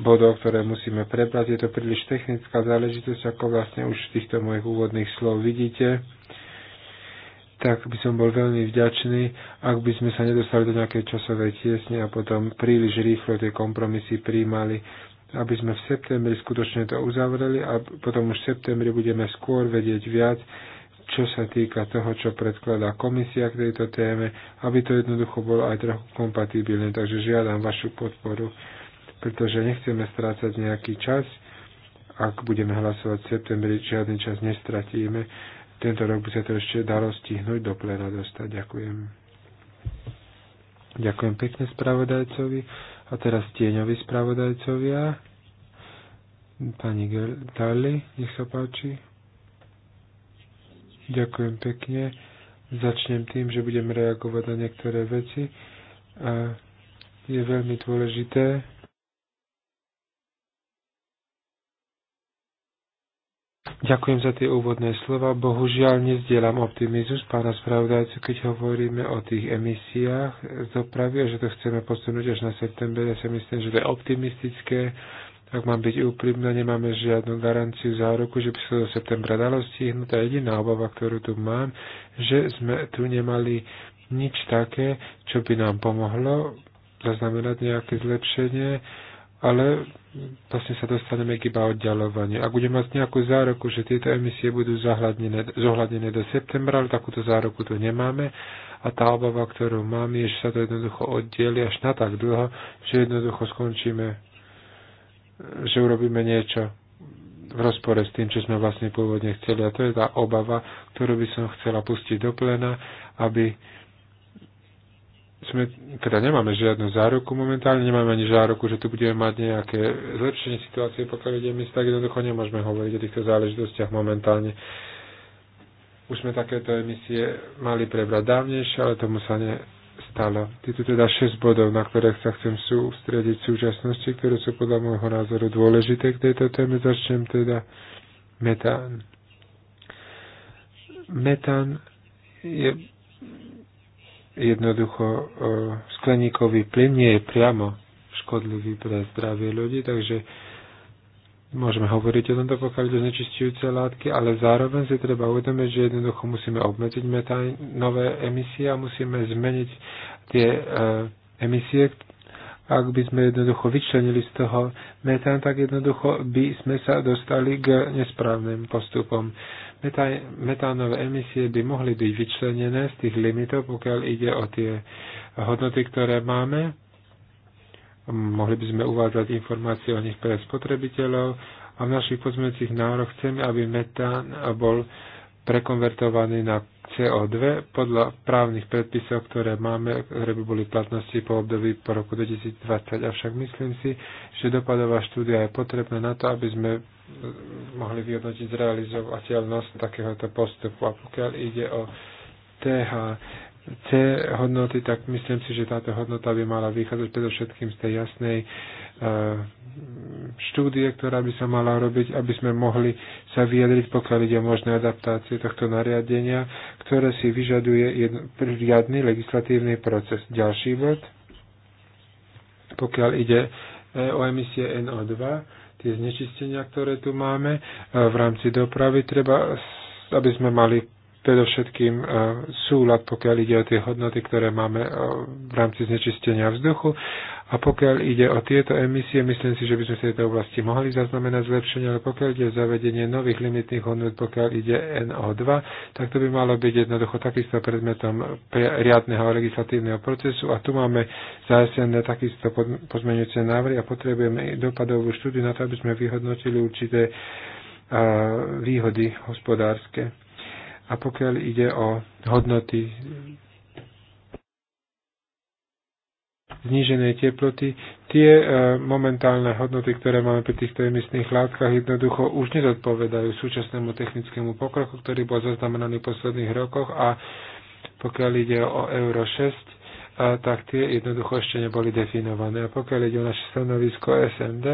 bodov, ktoré musíme prebrať. Je to príliš technická záležitosť, ako vlastne už z týchto mojich úvodných slov vidíte. Tak by som bol veľmi vďačný, ak by sme sa nedostali do nejakej časovej tiesne a potom príliš rýchlo tie kompromisy príjmali, aby sme v septembri skutočne to uzavreli a potom už v septembri budeme skôr vedieť viac, čo sa týka toho, čo predkladá komisia k tejto téme, aby to jednoducho bolo aj trochu kompatibilné. Takže žiadam vašu podporu pretože nechceme strácať nejaký čas. Ak budeme hlasovať v septembri, žiadny čas nestratíme. Tento rok by sa to ešte dalo stihnúť do plena dostať. Ďakujem. Ďakujem pekne spravodajcovi. A teraz tieňovi spravodajcovia. Pani Dali, nech sa páči. Ďakujem pekne. Začnem tým, že budem reagovať na niektoré veci. A Je veľmi dôležité, Ďakujem za tie úvodné slova. Bohužiaľ nezdielam optimizmus pána spravodajcu, keď hovoríme o tých emisiách z dopravy a že to chceme posunúť až na september. Ja si myslím, že to je optimistické. Ak mám byť úprimná, nemáme žiadnu garanciu záruku, že by sa do septembra dalo stihnúť. Tá jediná obava, ktorú tu mám, že sme tu nemali nič také, čo by nám pomohlo zaznamenať nejaké zlepšenie ale vlastne sa dostaneme k iba oddialovaniu. Ak budeme mať nejakú zároku, že tieto emisie budú zohľadnené do septembra, ale takúto zároku tu nemáme a tá obava, ktorú mám, je, že sa to jednoducho oddeli až na tak dlho, že jednoducho skončíme, že urobíme niečo v rozpore s tým, čo sme vlastne pôvodne chceli. A to je tá obava, ktorú by som chcela pustiť do plena, aby sme, teda nemáme žiadnu záruku momentálne, nemáme ani záruku, že tu budeme mať nejaké zlepšenie situácie, pokiaľ ide my tak jednoducho nemôžeme hovoriť o týchto záležitostiach momentálne. Už sme takéto emisie mali prebrať dávnejšie, ale tomu sa nestalo. Je tu teda 6 bodov, na ktoré sa chcem sústrediť v súčasnosti, ktoré sú podľa môjho názoru dôležité k tejto téme. Začnem teda metán. Metán je Jednoducho e, skleníkový plyn nie je priamo škodlivý pre zdravie ľudí, takže môžeme hovoriť o tomto pokiaľ ide znečistujúce látky, ale zároveň si treba uvedomiť, že jednoducho musíme obmedziť metánové emisie a musíme zmeniť tie e, emisie, ak by sme jednoducho vyčlenili z toho metán, tak jednoducho by sme sa dostali k nesprávnym postupom metánové emisie by mohli byť vyčlenené z tých limitov, pokiaľ ide o tie hodnoty, ktoré máme. Mohli by sme uvádzať informácie o nich pre spotrebiteľov a v našich pozmeňujúcich nároch chceme, aby metán bol prekonvertovaný na CO2 podľa právnych predpisov, ktoré máme, ktoré by boli platnosti po období po roku 2020. Avšak myslím si, že dopadová štúdia je potrebná na to, aby sme eh, mohli vyhodnotiť zrealizovateľnosť takéhoto postupu. A pokiaľ ide o THC hodnoty, tak myslím si, že táto hodnota by mala vychádzať predovšetkým z tej jasnej Eh, štúdie, ktorá by sa mala robiť, aby sme mohli sa vyjadriť, pokiaľ ide o možné adaptácie tohto nariadenia, ktoré si vyžaduje riadny legislatívny proces. Ďalší bod, pokiaľ ide eh, o emisie NO2, tie znečistenia, ktoré tu máme eh, v rámci dopravy, treba, aby sme mali predovšetkým e, súlad, pokiaľ ide o tie hodnoty, ktoré máme e, v rámci znečistenia vzduchu. A pokiaľ ide o tieto emisie, myslím si, že by sme v tejto oblasti mohli zaznamenať zlepšenie, ale pokiaľ ide o zavedenie nových limitných hodnot, pokiaľ ide NO2, tak to by malo byť jednoducho takisto predmetom riadneho legislatívneho procesu. A tu máme zásadné takisto pozmeňujúce návrhy a potrebujeme dopadovú štúdiu na to, aby sme vyhodnotili určité výhody hospodárske. A pokiaľ ide o hodnoty zníženej teploty, tie e, momentálne hodnoty, ktoré máme pri týchto emisných látkach, jednoducho už nezodpovedajú súčasnému technickému pokroku, ktorý bol zaznamenaný v posledných rokoch a pokiaľ ide o Euro 6, tak tie jednoducho ešte neboli definované. A pokiaľ ide o naše stanovisko SND,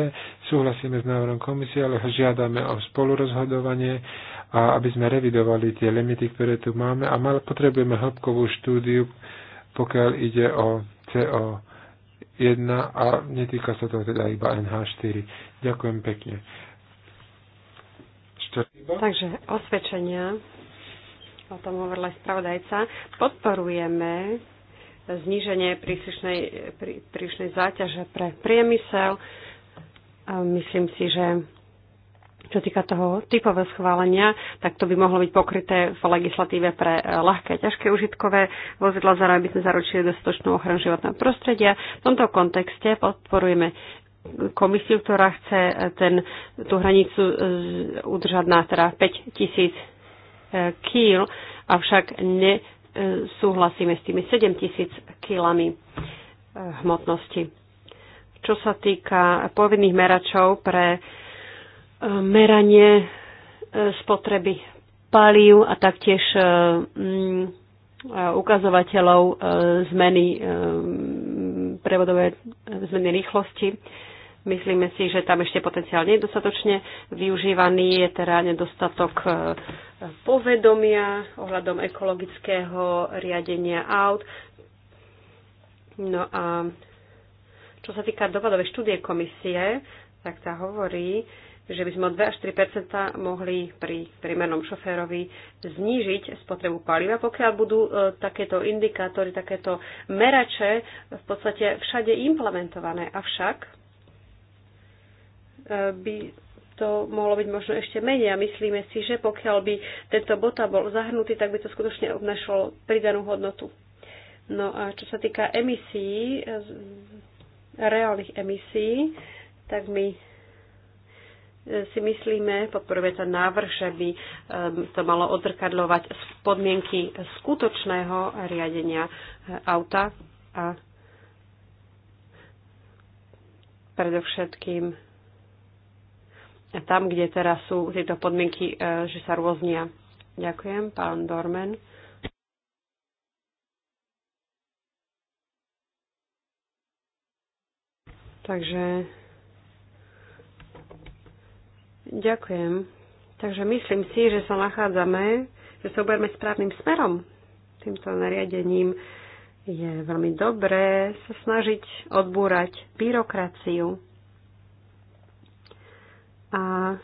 súhlasíme s návrhom komisie, ale žiadame o spolurozhodovanie a aby sme revidovali tie limity, ktoré tu máme a mal, potrebujeme hĺbkovú štúdiu, pokiaľ ide o CO1 a netýka sa to teda iba NH4. Ďakujem pekne. Takže osvedčenia, o tom hovorila spravodajca, podporujeme zníženie príslušnej, prí, príslušnej záťaže pre priemysel. Myslím si, že čo týka toho typového schválenia, tak to by mohlo byť pokryté v legislatíve pre e, ľahké a ťažké užitkové vozidla, zároveň by sme zaručili dostatočnú ochranu životného prostredia. V tomto kontexte podporujeme komisiu, ktorá chce e, ten, tú hranicu e, udržať na teda 5 tisíc kýl, avšak ne súhlasíme s tými 7000 kilami eh, hmotnosti. Čo sa týka povinných meračov pre eh, meranie eh, spotreby palív a taktiež mm, ukazovateľov zmeny prevodové zmeny rýchlosti. Myslíme si, že tam ešte potenciál nie je dostatočne využívaný, je teda nedostatok e, povedomia ohľadom ekologického riadenia aut. No a čo sa týka dopadovej štúdie komisie, tak tá hovorí, že by sme o 2 až 3 mohli pri priemernom šoférovi znížiť spotrebu paliva, pokiaľ budú e, takéto indikátory, takéto merače v podstate všade implementované. Avšak by to mohlo byť možno ešte menej a myslíme si, že pokiaľ by tento bota bol zahrnutý, tak by to skutočne obnašalo pridanú hodnotu. No a čo sa týka emisí, reálnych emisí, tak my e, si myslíme, podporuje ten návrh, že by e, to malo odzrkadľovať podmienky skutočného riadenia e, auta a predovšetkým tam, kde teraz sú tieto podmienky, e, že sa rôznia. Ďakujem, pán Dormen. Takže ďakujem. Takže myslím si, že sa nachádzame, že sa uberme správnym smerom. Týmto nariadením je veľmi dobré sa snažiť odbúrať byrokraciu, a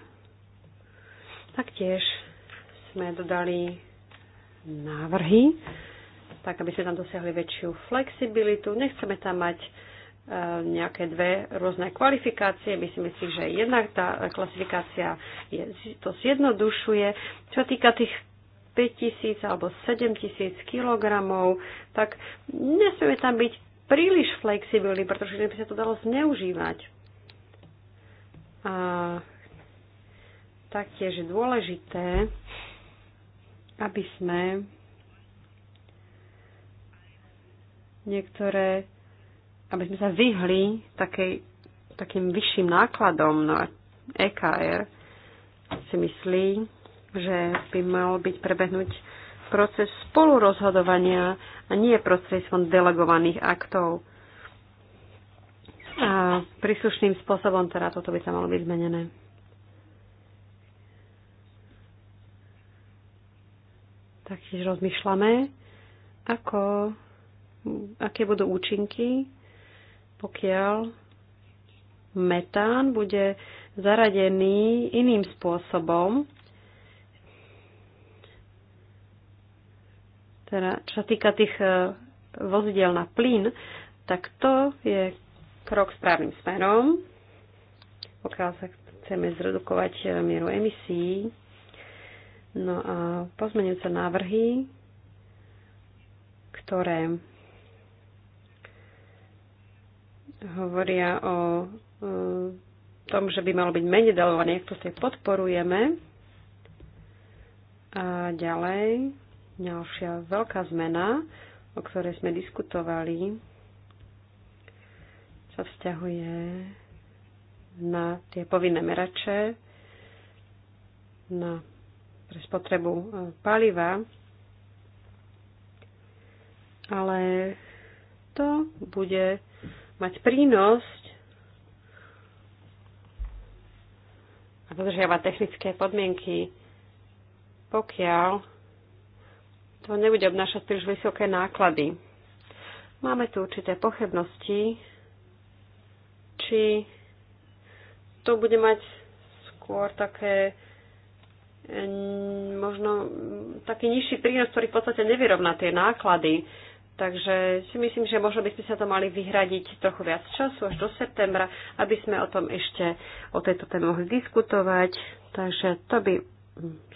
taktiež sme dodali návrhy, tak aby sme tam dosiahli väčšiu flexibilitu. Nechceme tam mať e, nejaké dve rôzne kvalifikácie. Myslím si, že jednak tá klasifikácia je, to zjednodušuje. Čo týka tých 5000 alebo 7000 kg, tak nesmieme tam byť príliš flexibilní, pretože by sa to dalo zneužívať. A taktiež dôležité, aby sme niektoré, aby sme sa vyhli takej, takým vyšším nákladom na no EKR, si myslí, že by mal byť prebehnúť proces spolurozhodovania a nie von delegovaných aktov. A príslušným spôsobom teda toto by sa malo byť zmenené. Taktiež rozmýšľame, ako, aké budú účinky, pokiaľ metán bude zaradený iným spôsobom. Teda, čo sa týka tých e, vozidel na plyn, tak to je krok správnym smerom, pokiaľ sa chceme zredukovať e, mieru emisí No a pozmenujúce návrhy, ktoré hovoria o e, tom, že by malo byť menej ak to si podporujeme. A ďalej, ďalšia veľká zmena, o ktorej sme diskutovali, sa vzťahuje na tie povinné merače, na pre spotrebu e, paliva, ale to bude mať prínos a dodržiavať technické podmienky, pokiaľ to nebude obnášať príliš vysoké náklady. Máme tu určité pochybnosti, či to bude mať skôr také možno taký nižší prínos, ktorý v podstate nevyrovná tie náklady. Takže si myslím, že možno by sme sa to mali vyhradiť trochu viac času až do septembra, aby sme o tom ešte o tejto téme mohli diskutovať. Takže to by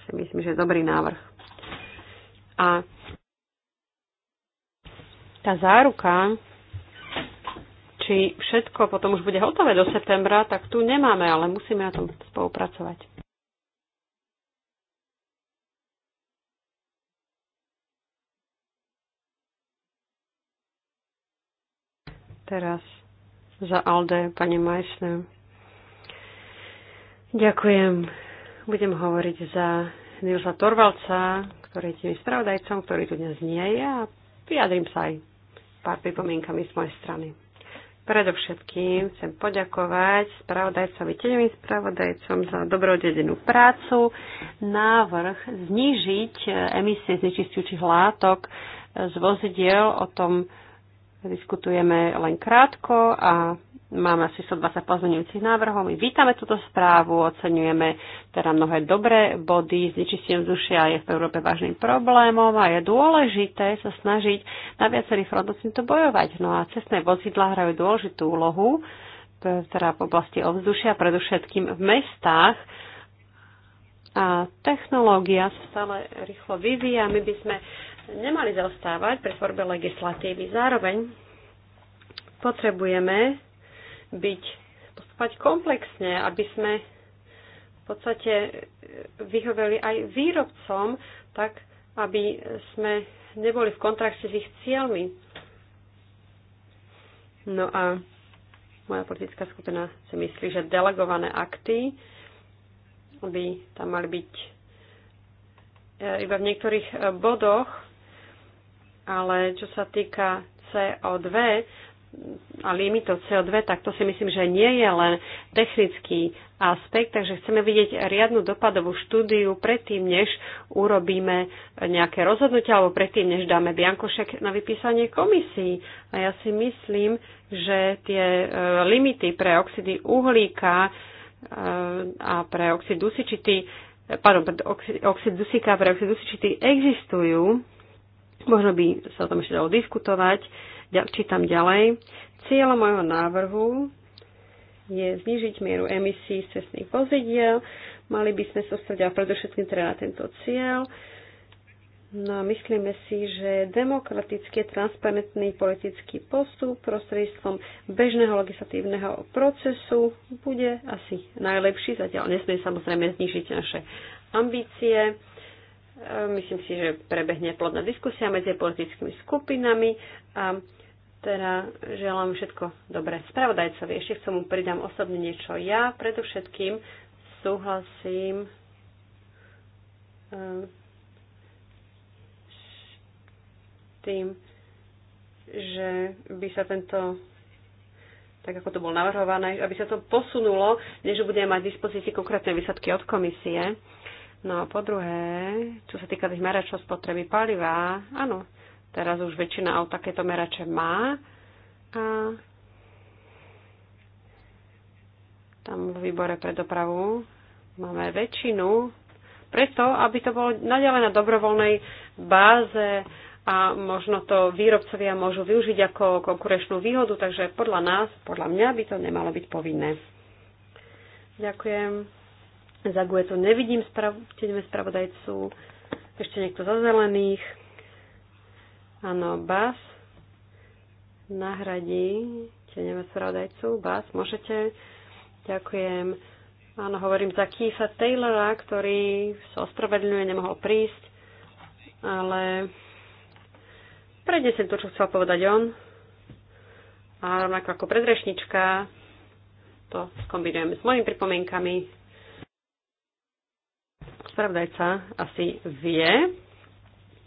si myslím, že je dobrý návrh. A tá záruka, či všetko potom už bude hotové do septembra, tak tu nemáme, ale musíme na tom spolupracovať. Teraz za Alde, pani Majsne. Ďakujem. Budem hovoriť za Nilsa Torvalca, ktorý je tým spravodajcom, ktorý tu dnes nie je a vyjadrím sa aj pár pripomienkami z mojej strany. Predovšetkým chcem poďakovať spravodajcovi, teňovým spravodajcom za dobrodedenú prácu. Návrh znížiť emisie znečistujúcich látok z vozidiel o tom diskutujeme len krátko a máme asi 120 pozmeňujúcich návrhov. My vítame túto správu, oceňujeme teda mnohé dobré body. Znečistenie vzdušia je v Európe vážnym problémom a je dôležité sa snažiť na viacerých frontoch s týmto bojovať. No a cestné vozidla hrajú dôležitú úlohu teda v oblasti ovzdušia, predovšetkým v mestách, a technológia sa stále rýchlo vyvíja. My by sme nemali zaostávať pri tvorbe legislatívy. Zároveň potrebujeme byť, postupovať komplexne, aby sme v podstate vyhoveli aj výrobcom, tak aby sme neboli v kontrakte s ich cieľmi. No a moja politická skupina si myslí, že delegované akty by tam mali byť e, iba v niektorých e, bodoch ale čo sa týka CO2 a limitov CO2, tak to si myslím, že nie je len technický aspekt, takže chceme vidieť riadnu dopadovú štúdiu predtým, než urobíme nejaké rozhodnutia alebo predtým, než dáme biankošek na vypísanie komisii. A ja si myslím, že tie e, limity pre oxidy uhlíka e, a pre oxid dusičitý e, pardon, oxid, oxid dusíka pre oxid dusičitý existujú, Možno by sa o tom ešte dalo diskutovať. Čítam ďalej. Cieľom môjho návrhu je znižiť mieru emisí z cestných vozidiel. Mali by sme sústrediť predovšetkým teda na tento cieľ. No a myslíme si, že demokratický, transparentný politický postup prostredstvom bežného legislatívneho procesu bude asi najlepší. Zatiaľ nesmie samozrejme znižiť naše ambície. Ehm, myslím si, že prebehne plodná diskusia medzi politickými skupinami a teda želám všetko dobré spravodajcovi. Ešte k tomu pridám osobne niečo ja. Predovšetkým súhlasím ehm, s tým, že by sa tento tak ako to bolo navrhované, aby sa to posunulo, než budeme mať dispozícii konkrétne výsledky od komisie. No a po druhé, čo sa týka tých meračov spotreby paliva, áno, teraz už väčšina aut takéto merače má a tam v výbore pre dopravu máme väčšinu preto, aby to bolo naďalej na dobrovoľnej báze a možno to výrobcovia môžu využiť ako konkurenčnú výhodu, takže podľa nás, podľa mňa by to nemalo byť povinné. Ďakujem. Za GUE tu nevidím sprav- spravodajcu. Ešte niekto za zelených. Áno, Bas nahradí teneme spravodajcu. Bas, môžete? Ďakujem. Áno, hovorím za Keitha Taylora, ktorý sa ospravedlňuje, nemohol prísť, ale prednesem to, čo chcel povedať on. A rovnako ako predrešnička to skombinujeme s mojimi pripomienkami Spravodajca asi vie,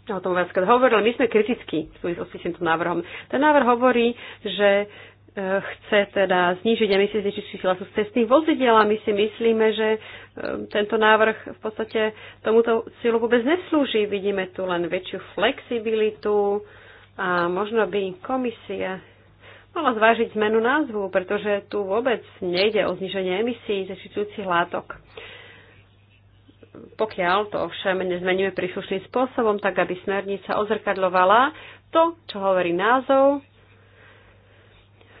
o tom vás hovoril, my sme kritickí v súvislosti s týmto návrhom. Ten návrh hovorí, že e, chce teda znížiť emisie z hlasov z cestných vozidiel a my si myslíme, že e, tento návrh v podstate tomuto cieľu vôbec neslúži. Vidíme tu len väčšiu flexibilitu a možno by komisia mala zvážiť zmenu názvu, pretože tu vôbec nejde o zníženie emisí znečistujúcich látok pokiaľ to ovšem nezmeníme príslušným spôsobom, tak aby smernica ozrkadlovala to, čo hovorí názov.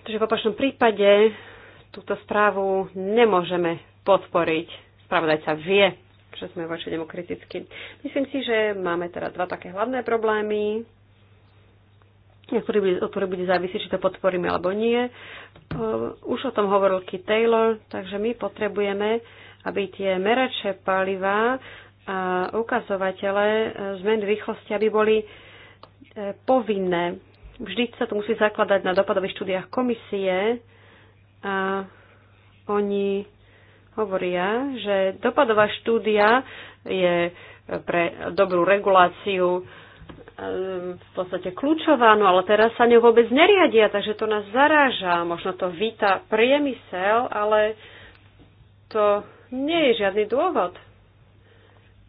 Takže v opačnom prípade túto správu nemôžeme podporiť. Spravodajca vie, že sme voči nemu kriticky. Myslím si, že máme teda dva také hlavné problémy, od ktorých bude závisieť, či to podporíme alebo nie. Už o tom hovoril Keith Taylor, takže my potrebujeme aby tie merače paliva a ukazovatele zmen rýchlosti, aby boli e, povinné. Vždy sa to musí zakladať na dopadových štúdiách komisie a oni hovoria, že dopadová štúdia je pre dobrú reguláciu e, v podstate kľúčová, no ale teraz sa ňou vôbec neriadia, takže to nás zaráža. Možno to víta priemysel, ale to nie je žiadny dôvod.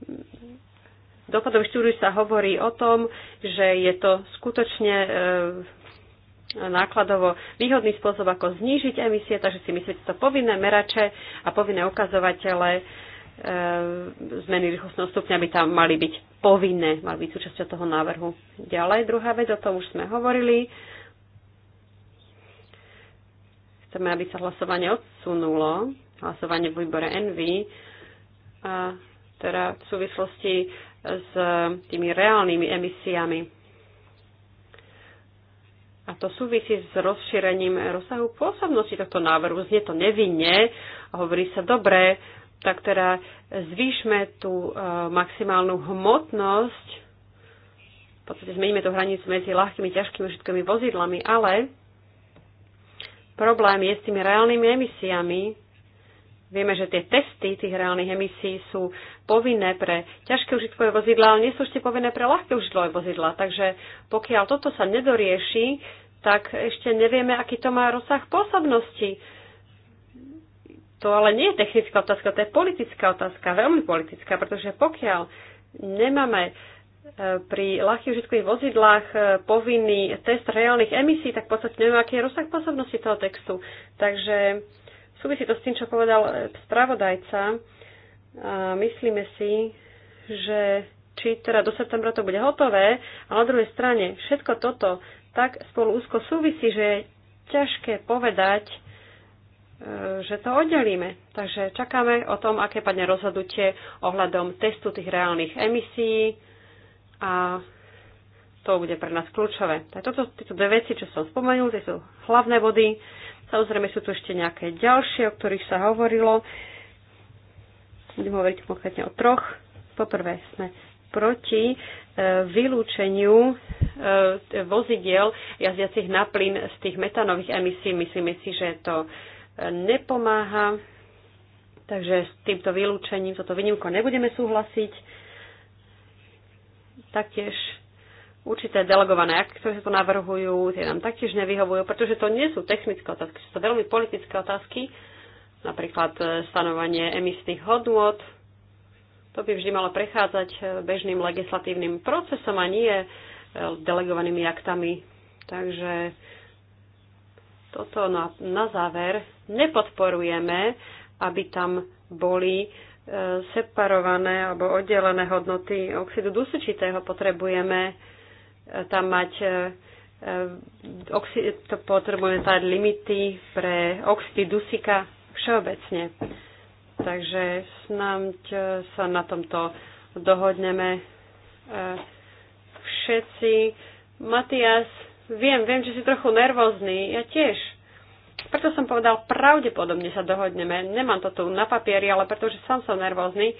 V dopadových štúdiu sa hovorí o tom, že je to skutočne e, nákladovo výhodný spôsob, ako znížiť emisie, takže si myslíte, to povinné merače a povinné ukazovatele e, zmeny rýchlostného stupňa by tam mali byť povinné, mali byť súčasťou toho návrhu. Ďalej, druhá vec, o tom už sme hovorili. Chceme, aby sa hlasovanie odsunulo hlasovanie v výbore NV, teda v súvislosti s tými reálnymi emisiami. A to súvisí s rozšírením rozsahu pôsobnosti tohto návrhu. Znie to nevinne a hovorí sa dobre, tak teda zvýšme tú e, maximálnu hmotnosť, v podstate zmeníme tú hranicu medzi ľahkými, ťažkými, všetkými vozidlami, ale problém je s tými reálnymi emisiami, Vieme, že tie testy tých reálnych emisí sú povinné pre ťažké užitkové vozidla, ale nie sú ešte povinné pre ľahké užitkové vozidla. Takže pokiaľ toto sa nedorieši, tak ešte nevieme, aký to má rozsah pôsobnosti. To ale nie je technická otázka, to je politická otázka, veľmi politická, pretože pokiaľ nemáme e, pri ľahkých užitkových vozidlách e, povinný test reálnych emisí, tak v podstate neviem, aký je rozsah pôsobnosti toho textu. Takže Súvisí to s tým, čo povedal e, spravodajca. A myslíme si, že či teda do septembra to bude hotové, ale na druhej strane všetko toto tak spolu úzko súvisí, že je ťažké povedať, e, že to oddelíme. Takže čakáme o tom, aké padne rozhodnutie ohľadom testu tých reálnych emisí a to bude pre nás kľúčové. Tak toto, tieto dve veci, čo som spomenul, tie sú hlavné body. Samozrejme sú tu ešte nejaké ďalšie, o ktorých sa hovorilo. Budem hovoriť konkrétne o troch. Poprvé sme proti e, vylúčeniu e, vozidiel jazdiacich na plyn z tých metanových emisí. Myslíme si, že to e, nepomáha, takže s týmto vylúčením, toto výnimko nebudeme súhlasiť. Taktiež určité delegované akty, ktoré sa tu navrhujú, tie nám taktiež nevyhovujú, pretože to nie sú technické otázky, sú to veľmi politické otázky, napríklad e, stanovanie emisných hodnôt. To by vždy malo prechádzať e, bežným legislatívnym procesom a nie e, delegovanými aktami. Takže toto na, na záver nepodporujeme, aby tam boli separované alebo oddelené hodnoty oxidu dusičitého. Potrebujeme tam mať e, e, to potrebujeme dať limity pre oxidy dusika všeobecne. Takže snáď e, sa na tomto dohodneme všetci. Matias, viem, viem, že si trochu nervózny, ja tiež. Preto som povedal, pravdepodobne sa dohodneme. Nemám to tu na papieri, ale pretože sám som nervózny,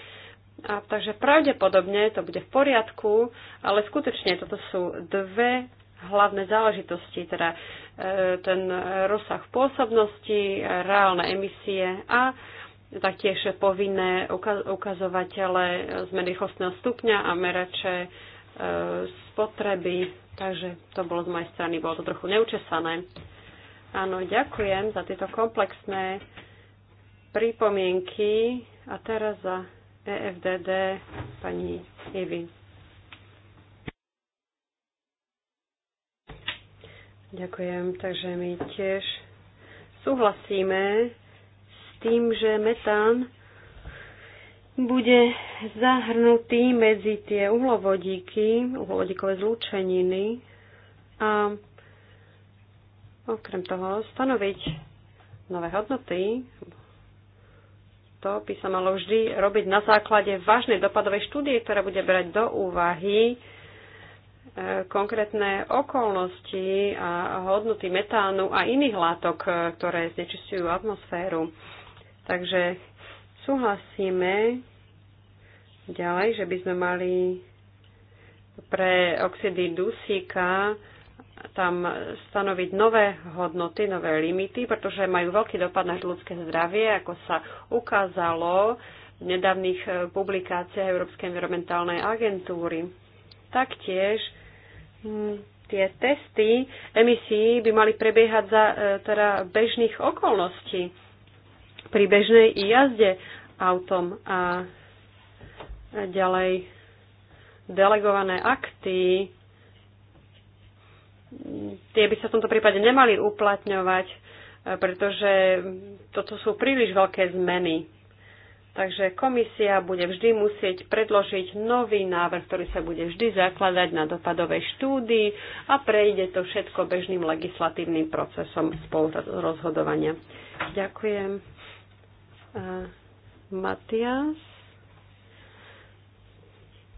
a takže pravdepodobne to bude v poriadku, ale skutočne toto sú dve hlavné záležitosti, teda e, ten rozsah pôsobnosti, reálne emisie a taktiež povinné ukazovatele zmeny rýchlostného stupňa a merače e, spotreby. Takže to bolo z mojej strany, bolo to trochu neučesané. Áno, ďakujem za tieto komplexné pripomienky a teraz za EFDD pani Evy. Ďakujem, takže my tiež súhlasíme s tým, že metán bude zahrnutý medzi tie uhlovodíky, uhlovodíkové zlúčeniny a okrem toho stanoviť nové hodnoty, to by sa malo vždy robiť na základe vážnej dopadovej štúdie, ktorá bude brať do úvahy e, konkrétne okolnosti a hodnoty metánu a iných látok, e, ktoré znečistujú atmosféru. Takže súhlasíme ďalej, že by sme mali pre oxidy dusíka tam stanoviť nové hodnoty, nové limity, pretože majú veľký dopad na ľudské zdravie, ako sa ukázalo v nedávnych e, publikáciách Európskej environmentálnej agentúry. Taktiež mm, tie testy emisí by mali prebiehať za e, teda bežných okolností pri bežnej jazde autom a ďalej delegované akty tie by sa v tomto prípade nemali uplatňovať, e, pretože toto sú príliš veľké zmeny. Takže komisia bude vždy musieť predložiť nový návrh, ktorý sa bude vždy zakladať na dopadovej štúdii a prejde to všetko bežným legislatívnym procesom spolu rozhodovania. Ďakujem. Matias.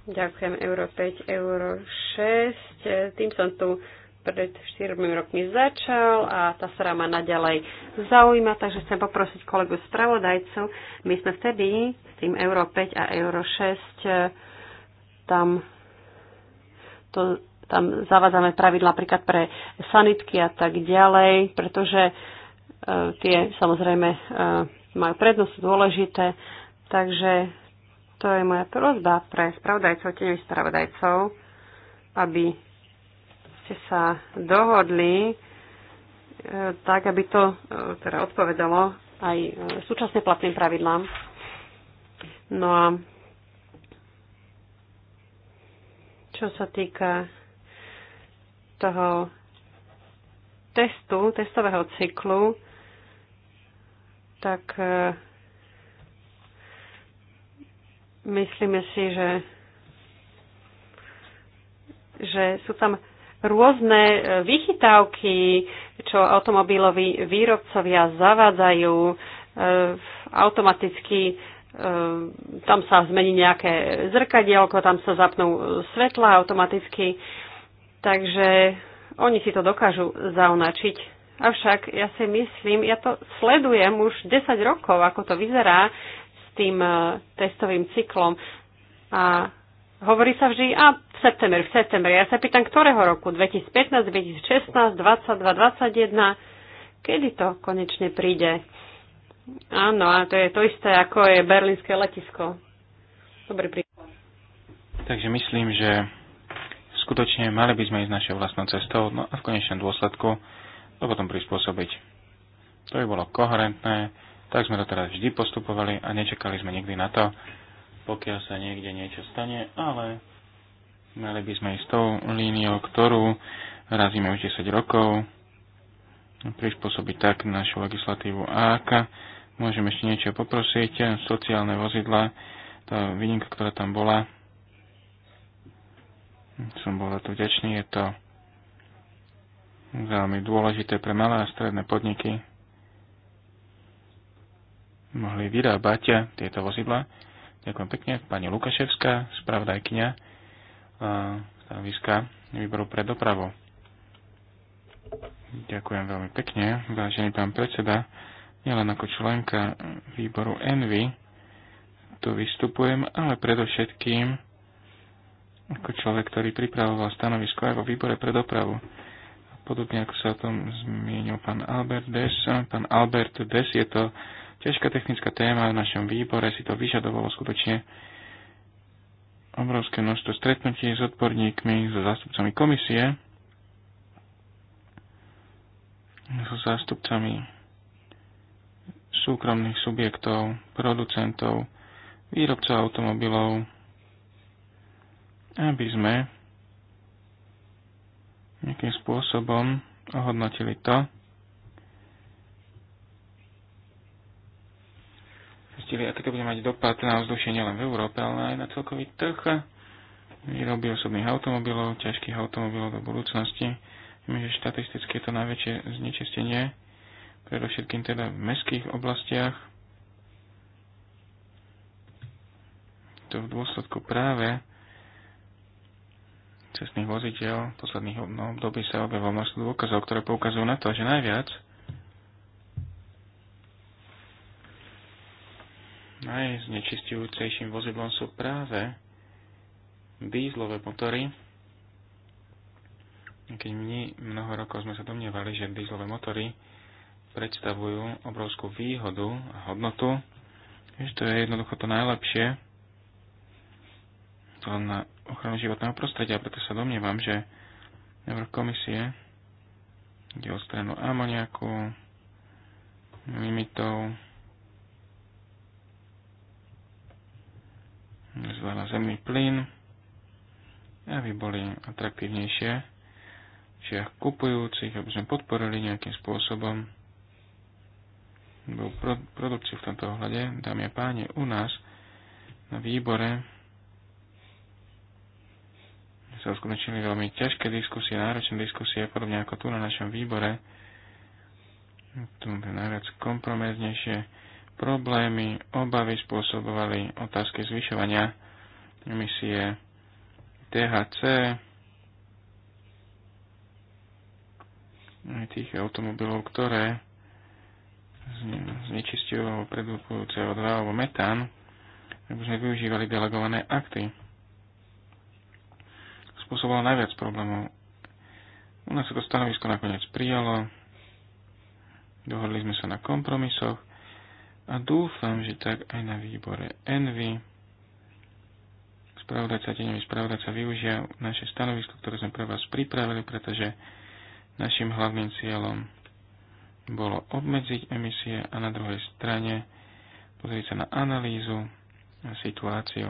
Ďakujem Euro 5, Euro 6. Tým som tu pred 4 rokmi začal a tá sféra ma naďalej zaujíma, takže chcem poprosiť kolegu spravodajcu. My sme vtedy s tým Euro 5 a Euro 6 e, tam, to, tam zavádzame pravidla napríklad pre sanitky a tak ďalej, pretože e, tie samozrejme e, majú prednosť, dôležité, takže to je moja prozba pre spravodajcov, tieňových spravodajcov, aby ste sa dohodli, e, tak aby to e, teda odpovedalo aj e, súčasne platným pravidlám. No a čo sa týka toho testu, testového cyklu, tak myslíme si, že, že sú tam rôzne e, vychytávky, čo automobiloví výrobcovia zavádzajú e, automaticky e, tam sa zmení nejaké zrkadielko, tam sa zapnú svetla automaticky, takže oni si to dokážu zaunačiť. Avšak ja si myslím, ja to sledujem už 10 rokov, ako to vyzerá s tým testovým cyklom a Hovorí sa vždy, a v septembri, v septembri. Ja sa pýtam, ktorého roku? 2015, 2016, 22, 21? Kedy to konečne príde? Áno, a to je to isté, ako je berlínske letisko. Dobrý príklad. Takže myslím, že skutočne mali by sme ísť našou vlastnou cestou, no a v konečnom dôsledku to potom prispôsobiť. To by bolo koherentné, tak sme to teraz vždy postupovali a nečakali sme nikdy na to, pokiaľ sa niekde niečo stane, ale mali by sme ísť tou líniou, ktorú razíme už 10 rokov, prispôsobiť tak našu legislatívu AK. Môžeme ešte niečo poprosiť, sociálne vozidla, tá výnimka, ktorá tam bola, som bol za to vďačný, je to veľmi dôležité pre malé a stredné podniky. Mohli vyrábať tieto vozidla, Ďakujem pekne. Pani Lukaševská, spravodajkyňa stanoviska výboru pre dopravu. Ďakujem veľmi pekne, vážený pán predseda. Nielen ako členka výboru Envy tu vystupujem, ale predovšetkým ako človek, ktorý pripravoval stanovisko aj vo výbore pre dopravu. Podobne ako sa o tom zmienil pán Albert Des, pán Albert Des je to ťažká technická téma v našom výbore si to vyžadovalo skutočne obrovské množstvo stretnutí s odborníkmi, so zástupcami komisie, so zástupcami súkromných subjektov, producentov, výrobcov automobilov, aby sme nejakým spôsobom ohodnotili to, zistili, aké to bude mať dopad na ovzdušie nielen v Európe, ale aj na celkový trh výroby osobných automobilov, ťažkých automobilov do budúcnosti. Vieme, že štatisticky je to najväčšie znečistenie, predovšetkým teda v mestských oblastiach. To v dôsledku práve cestných voziteľ posledných období sa objavilo množstvo dôkazov, ktoré poukazujú na to, že najviac najznečistujúcejším vozidlom sú práve dýzlové motory. Keď my mnoho rokov sme sa domnievali, že dýzlové motory predstavujú obrovskú výhodu a hodnotu, že to je jednoducho to najlepšie to na ochranu životného prostredia, preto sa domnievam, že Eurokomisie ide o stranu amoniaku, limitov, zle zemný plyn, aby boli atraktívnejšie všech kupujúcich, aby sme podporili nejakým spôsobom pro, produkciu v tomto ohľade. Dámy a páni, u nás na výbore sa uskutočnili veľmi ťažké diskusie, náročné diskusie, podobne ako tu na našom výbore. Tu je najviac kompromiznejšie problémy, obavy spôsobovali otázky zvyšovania emisie THC, tých automobilov, ktoré znečistujú alebo CO2 alebo metán, aby sme využívali delegované akty. Spôsobovalo najviac problémov. U nás sa to stanovisko nakoniec prijalo, dohodli sme sa na kompromisoch, a dúfam, že tak aj na výbore Envy spravodajca, deňový spravodajca využia naše stanovisko, ktoré sme pre vás pripravili, pretože našim hlavným cieľom bolo obmedziť emisie a na druhej strane pozrieť sa na analýzu a situáciu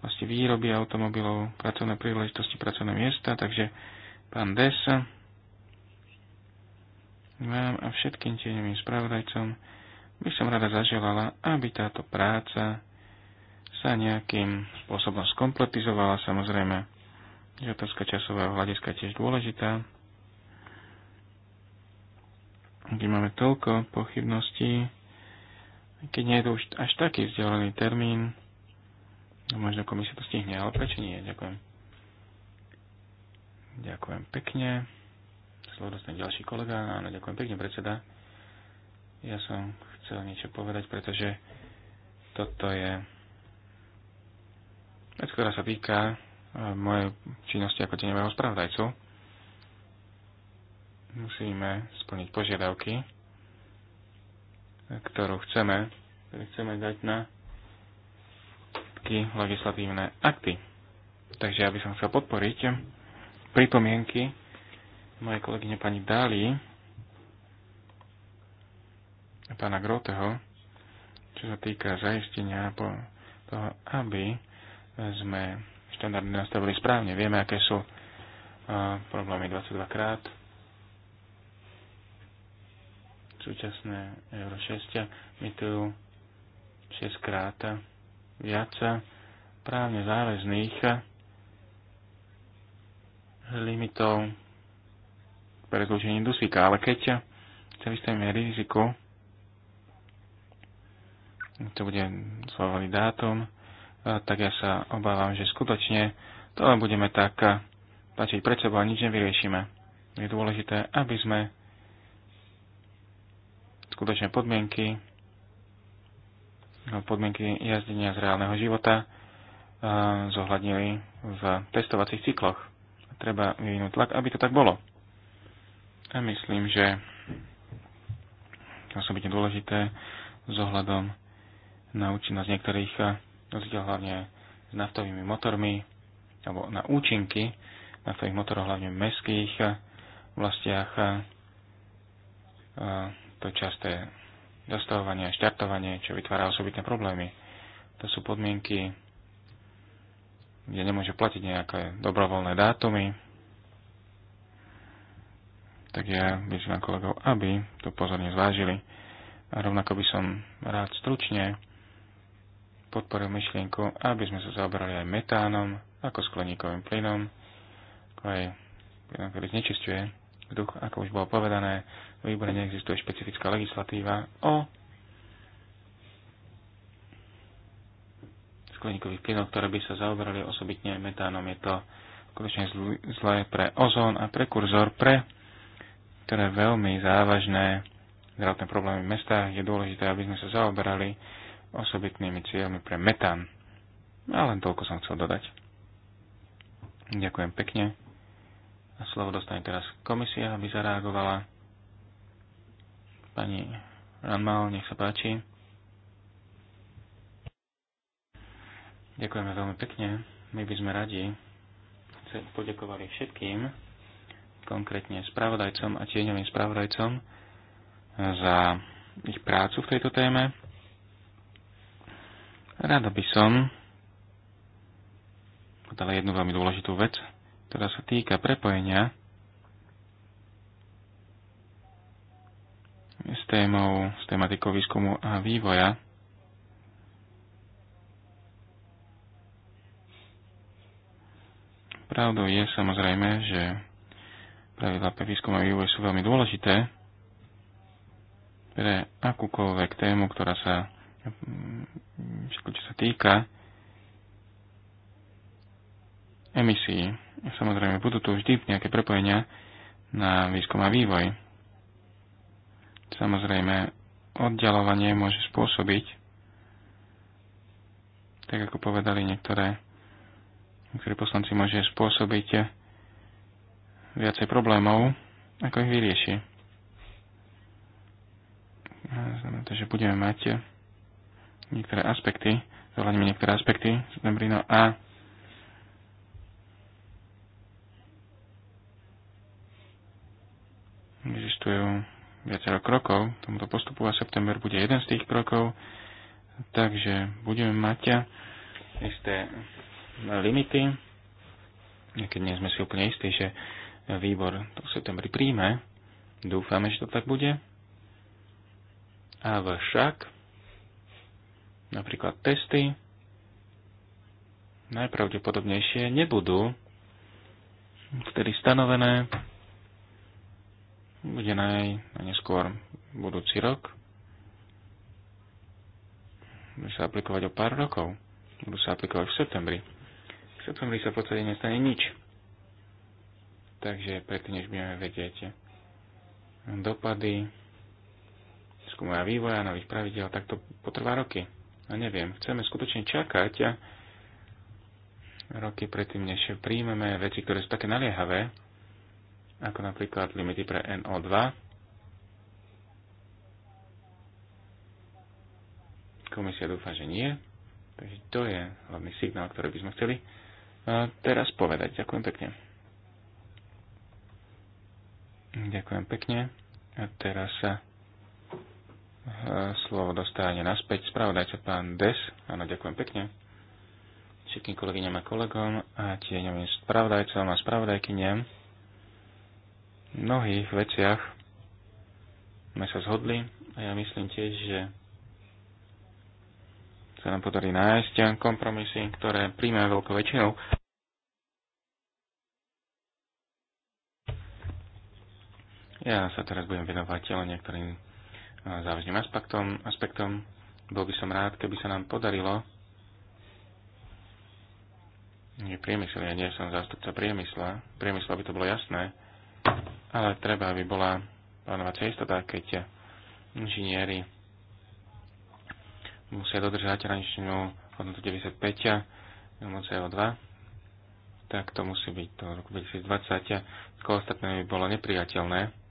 vlastne výroby automobilov, pracovné príležitosti, pracovné miesta, takže pán Desa vám a všetkým tieňovým spravodajcom by som rada zaželala, aby táto práca sa nejakým spôsobom skompletizovala. Samozrejme, že otázka časového hľadiska je tiež dôležitá. Keď máme toľko pochybností, keď nie je to už až taký vzdelený termín, no možno komisia to stihne, ale prečo nie? Ďakujem. Ďakujem pekne. Slovo dostane ďalší kolega. Áno, ďakujem pekne, predseda. Ja som chcel niečo povedať, pretože toto je vec, ktorá sa týka e, mojej činnosti ako deňového spravodajcu. Musíme splniť požiadavky, ktorú chceme, ktorú chceme dať na legislatívne akty. Takže ja by som chcel podporiť pripomienky mojej kolegyne pani Dali, pána Groteho, čo sa týka zaistenia toho, aby sme štandardy nastavili správne. Vieme, aké sú problémy 22 krát. Súčasné Euro 6 tu 6 krát viac právne záväzných limitov pre zlučenie dusíka. Ale keď sa vystavíme riziku, to bude zvolený dátum, tak ja sa obávam, že skutočne to len budeme tak tlačiť pred sebou a nič nevyriešime. Je dôležité, aby sme skutočné podmienky, no, podmienky jazdenia z reálneho života zohľadnili v testovacích cykloch. Treba vyvinúť tlak, aby to tak bolo. A myslím, že osobitne dôležité zohľadom. ohľadom na účinnosť niektorých nositeľ eh, hlavne s naftovými motormi, alebo na účinky naftových motorov, hlavne v mestských eh, vlastiach. Eh, to časté zastavovanie a štartovanie, čo vytvára osobitné problémy. To sú podmienky, kde nemôže platiť nejaké dobrovoľné dátumy. Tak ja vyzývam kolegov, aby to pozorne zvážili. A rovnako by som rád stručne podporil myšlienku, aby sme sa zaoberali aj metánom, ako skleníkovým plynom, ako aj plynom, ktorý znečistuje vzduch, ako už bolo povedané, v výbore neexistuje špecifická legislatíva o skleníkových plynoch, ktoré by sa zaoberali osobitne metánom. Je to skutočne zlé pre ozón a prekurzor pre ktoré veľmi závažné zdravotné problémy v mestách. Je dôležité, aby sme sa zaoberali osobitnými cieľmi pre metán. A len toľko som chcel dodať. Ďakujem pekne. A slovo dostane teraz komisia, aby zareagovala. Pani Ranmal, nech sa páči. Ďakujeme veľmi pekne. My by sme radi poďakovali všetkým, konkrétne spravodajcom a tieňovým spravodajcom, za ich prácu v tejto téme. Rada by som dala jednu veľmi dôležitú vec, ktorá sa týka prepojenia s témou, s tematikou výskumu a vývoja. Pravdou je samozrejme, že pravidlá pre výskum a vývoj sú veľmi dôležité pre akúkoľvek tému, ktorá sa Mm, všetko, čo sa týka emisí. Samozrejme, budú tu vždy nejaké prepojenia na výskum a vývoj. Samozrejme, oddialovanie môže spôsobiť, tak ako povedali niektoré, niektorí poslanci, môže spôsobiť viacej problémov, ako ich vyrieši. Znamená to, že budeme mať niektoré aspekty, zohľadíme niektoré aspekty z Dembrino a existujú viacero krokov k tomuto postupu a september bude jeden z tých krokov, takže budeme mať isté limity, keď nie sme si úplne istí, že výbor to v septembri príjme, dúfame, že to tak bude, avšak napríklad testy, najpravdepodobnejšie nebudú vtedy stanovené, bude naj, neskôr budúci rok, bude sa aplikovať o pár rokov, budú sa aplikovať v septembri. V septembri sa v podstate nestane nič. Takže predtým, než budeme vedieť dopady skúmania vývoja, nových pravidel, tak to potrvá roky. A neviem, chceme skutočne čakať a roky predtým, než príjmeme veci, ktoré sú také naliehavé, ako napríklad limity pre NO2, komisia dúfa, že nie. Takže to je hlavný signál, ktorý by sme chceli teraz povedať. Ďakujem pekne. Ďakujem pekne. A teraz sa Eh, slovo dostáne naspäť spravodajca pán Des. Áno, ďakujem pekne. Všetkým kolegyňam a kolegom a tieňovým spravodajcom a spravodajkyniam. V mnohých veciach sme sa zhodli a ja myslím tiež, že sa nám podarí nájsť kompromisy, ktoré príjme veľkou väčšinou. Ja sa teraz budem venovať len niektorým závažným aspektom, aspektom. Bol by som rád, keby sa nám podarilo nie priemysel, ja nie som zástupca priemysla, priemysla by to bolo jasné, ale treba, aby bola plánovacia istota, keď inžinieri musia dodržať hraničnú hodnotu 95 CO2, tak to musí byť do roku 2020, ako ostatné by bolo nepriateľné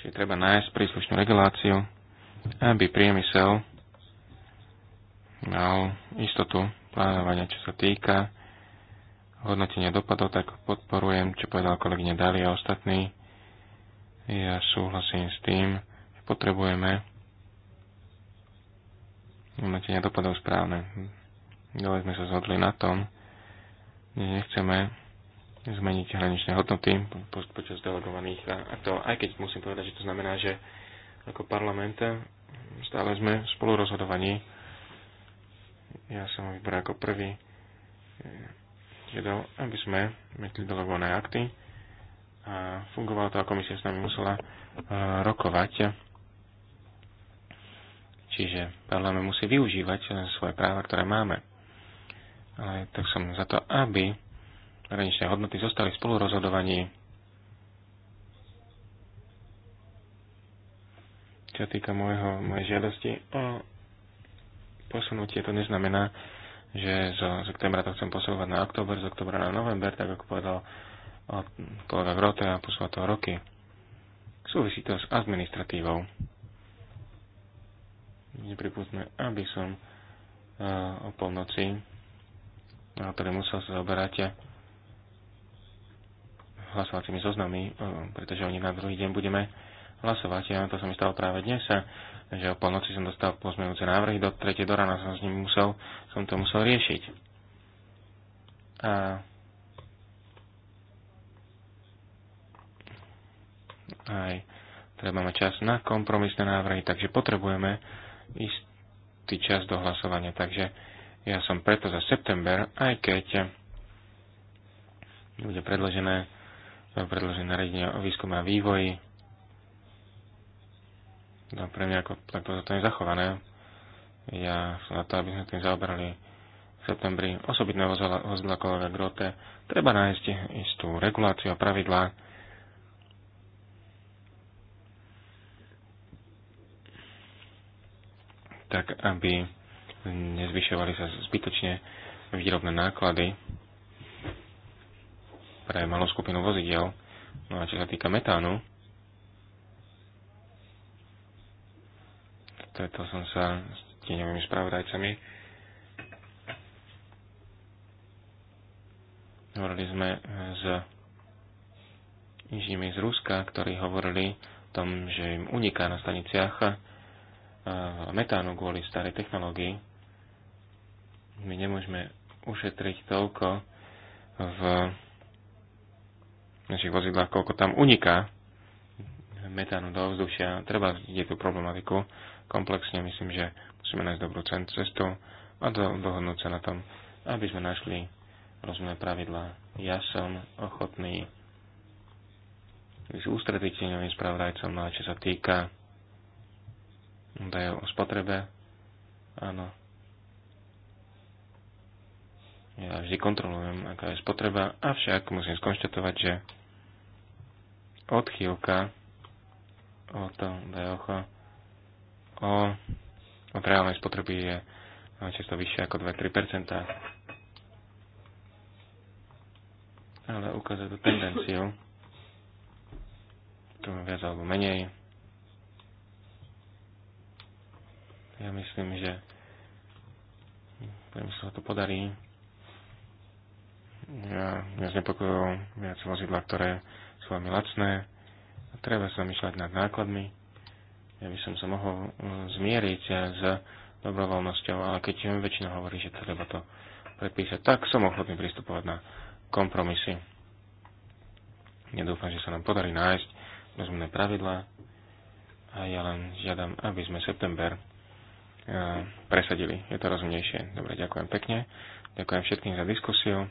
Čiže treba nájsť príslušnú reguláciu, aby priemysel mal istotu plánovania, čo sa týka hodnotenia dopadov, tak podporujem, čo povedal kolegyne Dali a ostatní. Ja súhlasím s tým, že potrebujeme hodnotenia dopadov správne. Dole sme sa zhodli na tom, že nechceme zmeniť hraničné hodnoty počas delegovaných a to. aj keď musím povedať, že to znamená, že ako parlament stále sme v spolurozhodovaní. Ja som vybral ako prvý žiadal, aby sme metli delegované akty a fungovala to a komisia s nami musela e, rokovať. Čiže parlament musí využívať svoje práva, ktoré máme. Ale tak som za to, aby hraničné hodnoty zostali v spolurozhodovaní. Čo týka môjho, mojej žiadosti o posunutie, to neznamená, že zo septembra to chcem posúvať na október, z oktobra na november, tak ako povedal kolega Grote a posúva to roky. Súvisí to s administratívou. Nepripustme, aby som e, o polnoci, na ktorý musel sa zaoberať hlasovacími zoznamy, e, pretože oni na druhý deň budeme hlasovať. Ja to sa mi stalo práve dnes, že o polnoci som dostal pozmenujúce návrhy, do 3. do rána som s ním musel, som to musel riešiť. A aj treba mať čas na kompromisné návrhy, takže potrebujeme istý čas do hlasovania. Takže ja som preto za september, aj keď bude predložené predložené nariadenie o výskume a vývoji. No, pre mňa ako, takto to je zachované. Ja som na to, aby sme tým zaoberali v septembri. osobitné vozidla kolega Grote. Treba nájsť istú reguláciu a pravidlá, tak aby nezvyšovali sa zbytočne výrobné náklady pre malú skupinu vozidel. No a čo sa týka metánu, to som sa s tieňovými spravodajcami. Hovorili sme s inžiniermi z Ruska, ktorí hovorili o tom, že im uniká na staniciach metánu kvôli starej technológii. My nemôžeme ušetriť toľko v našich vozidlách, koľko tam uniká metánu do ovzdušia. Treba vidieť tú problematiku komplexne. Myslím, že musíme nájsť dobrú cestu a do, dohodnúť sa na tom, aby sme našli rozumné pravidlá. Ja som ochotný s ústrediteľným spravodajcom, no a čo sa týka údajov o spotrebe, áno, ja vždy kontrolujem, aká je spotreba, avšak musím skonštatovať, že odchýlka od DOH o, od reálnej spotreby je často vyššia ako 2-3%. Ale ukazuje to tendenciu, tu viac alebo menej. Ja myslím, že sa to podarí ja, mňa znepokojujú viac vozidla, ktoré sú veľmi lacné. Treba sa myšľať nad nákladmi. Ja by som sa mohol mm, zmieriť eh, s dobrovoľnosťou, ale keď väčšina hovorí, že treba to predpísať, tak som ochotný pristupovať na kompromisy. Nedúfam, že sa nám podarí nájsť rozumné pravidlá a ja len žiadam, aby sme september eh, presadili. Je to rozumnejšie. Dobre, ďakujem pekne. Ďakujem všetkým za diskusiu.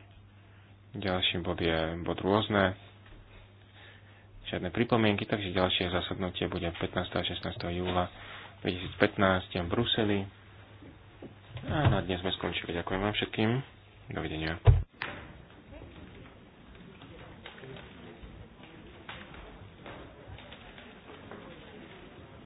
Ďalší bod je bod rôzne. Žiadne pripomienky, takže ďalšie zasadnutie bude 15. a 16. júla 2015 v Bruseli. A na dnes sme skončili. Ďakujem vám všetkým. Dovidenia.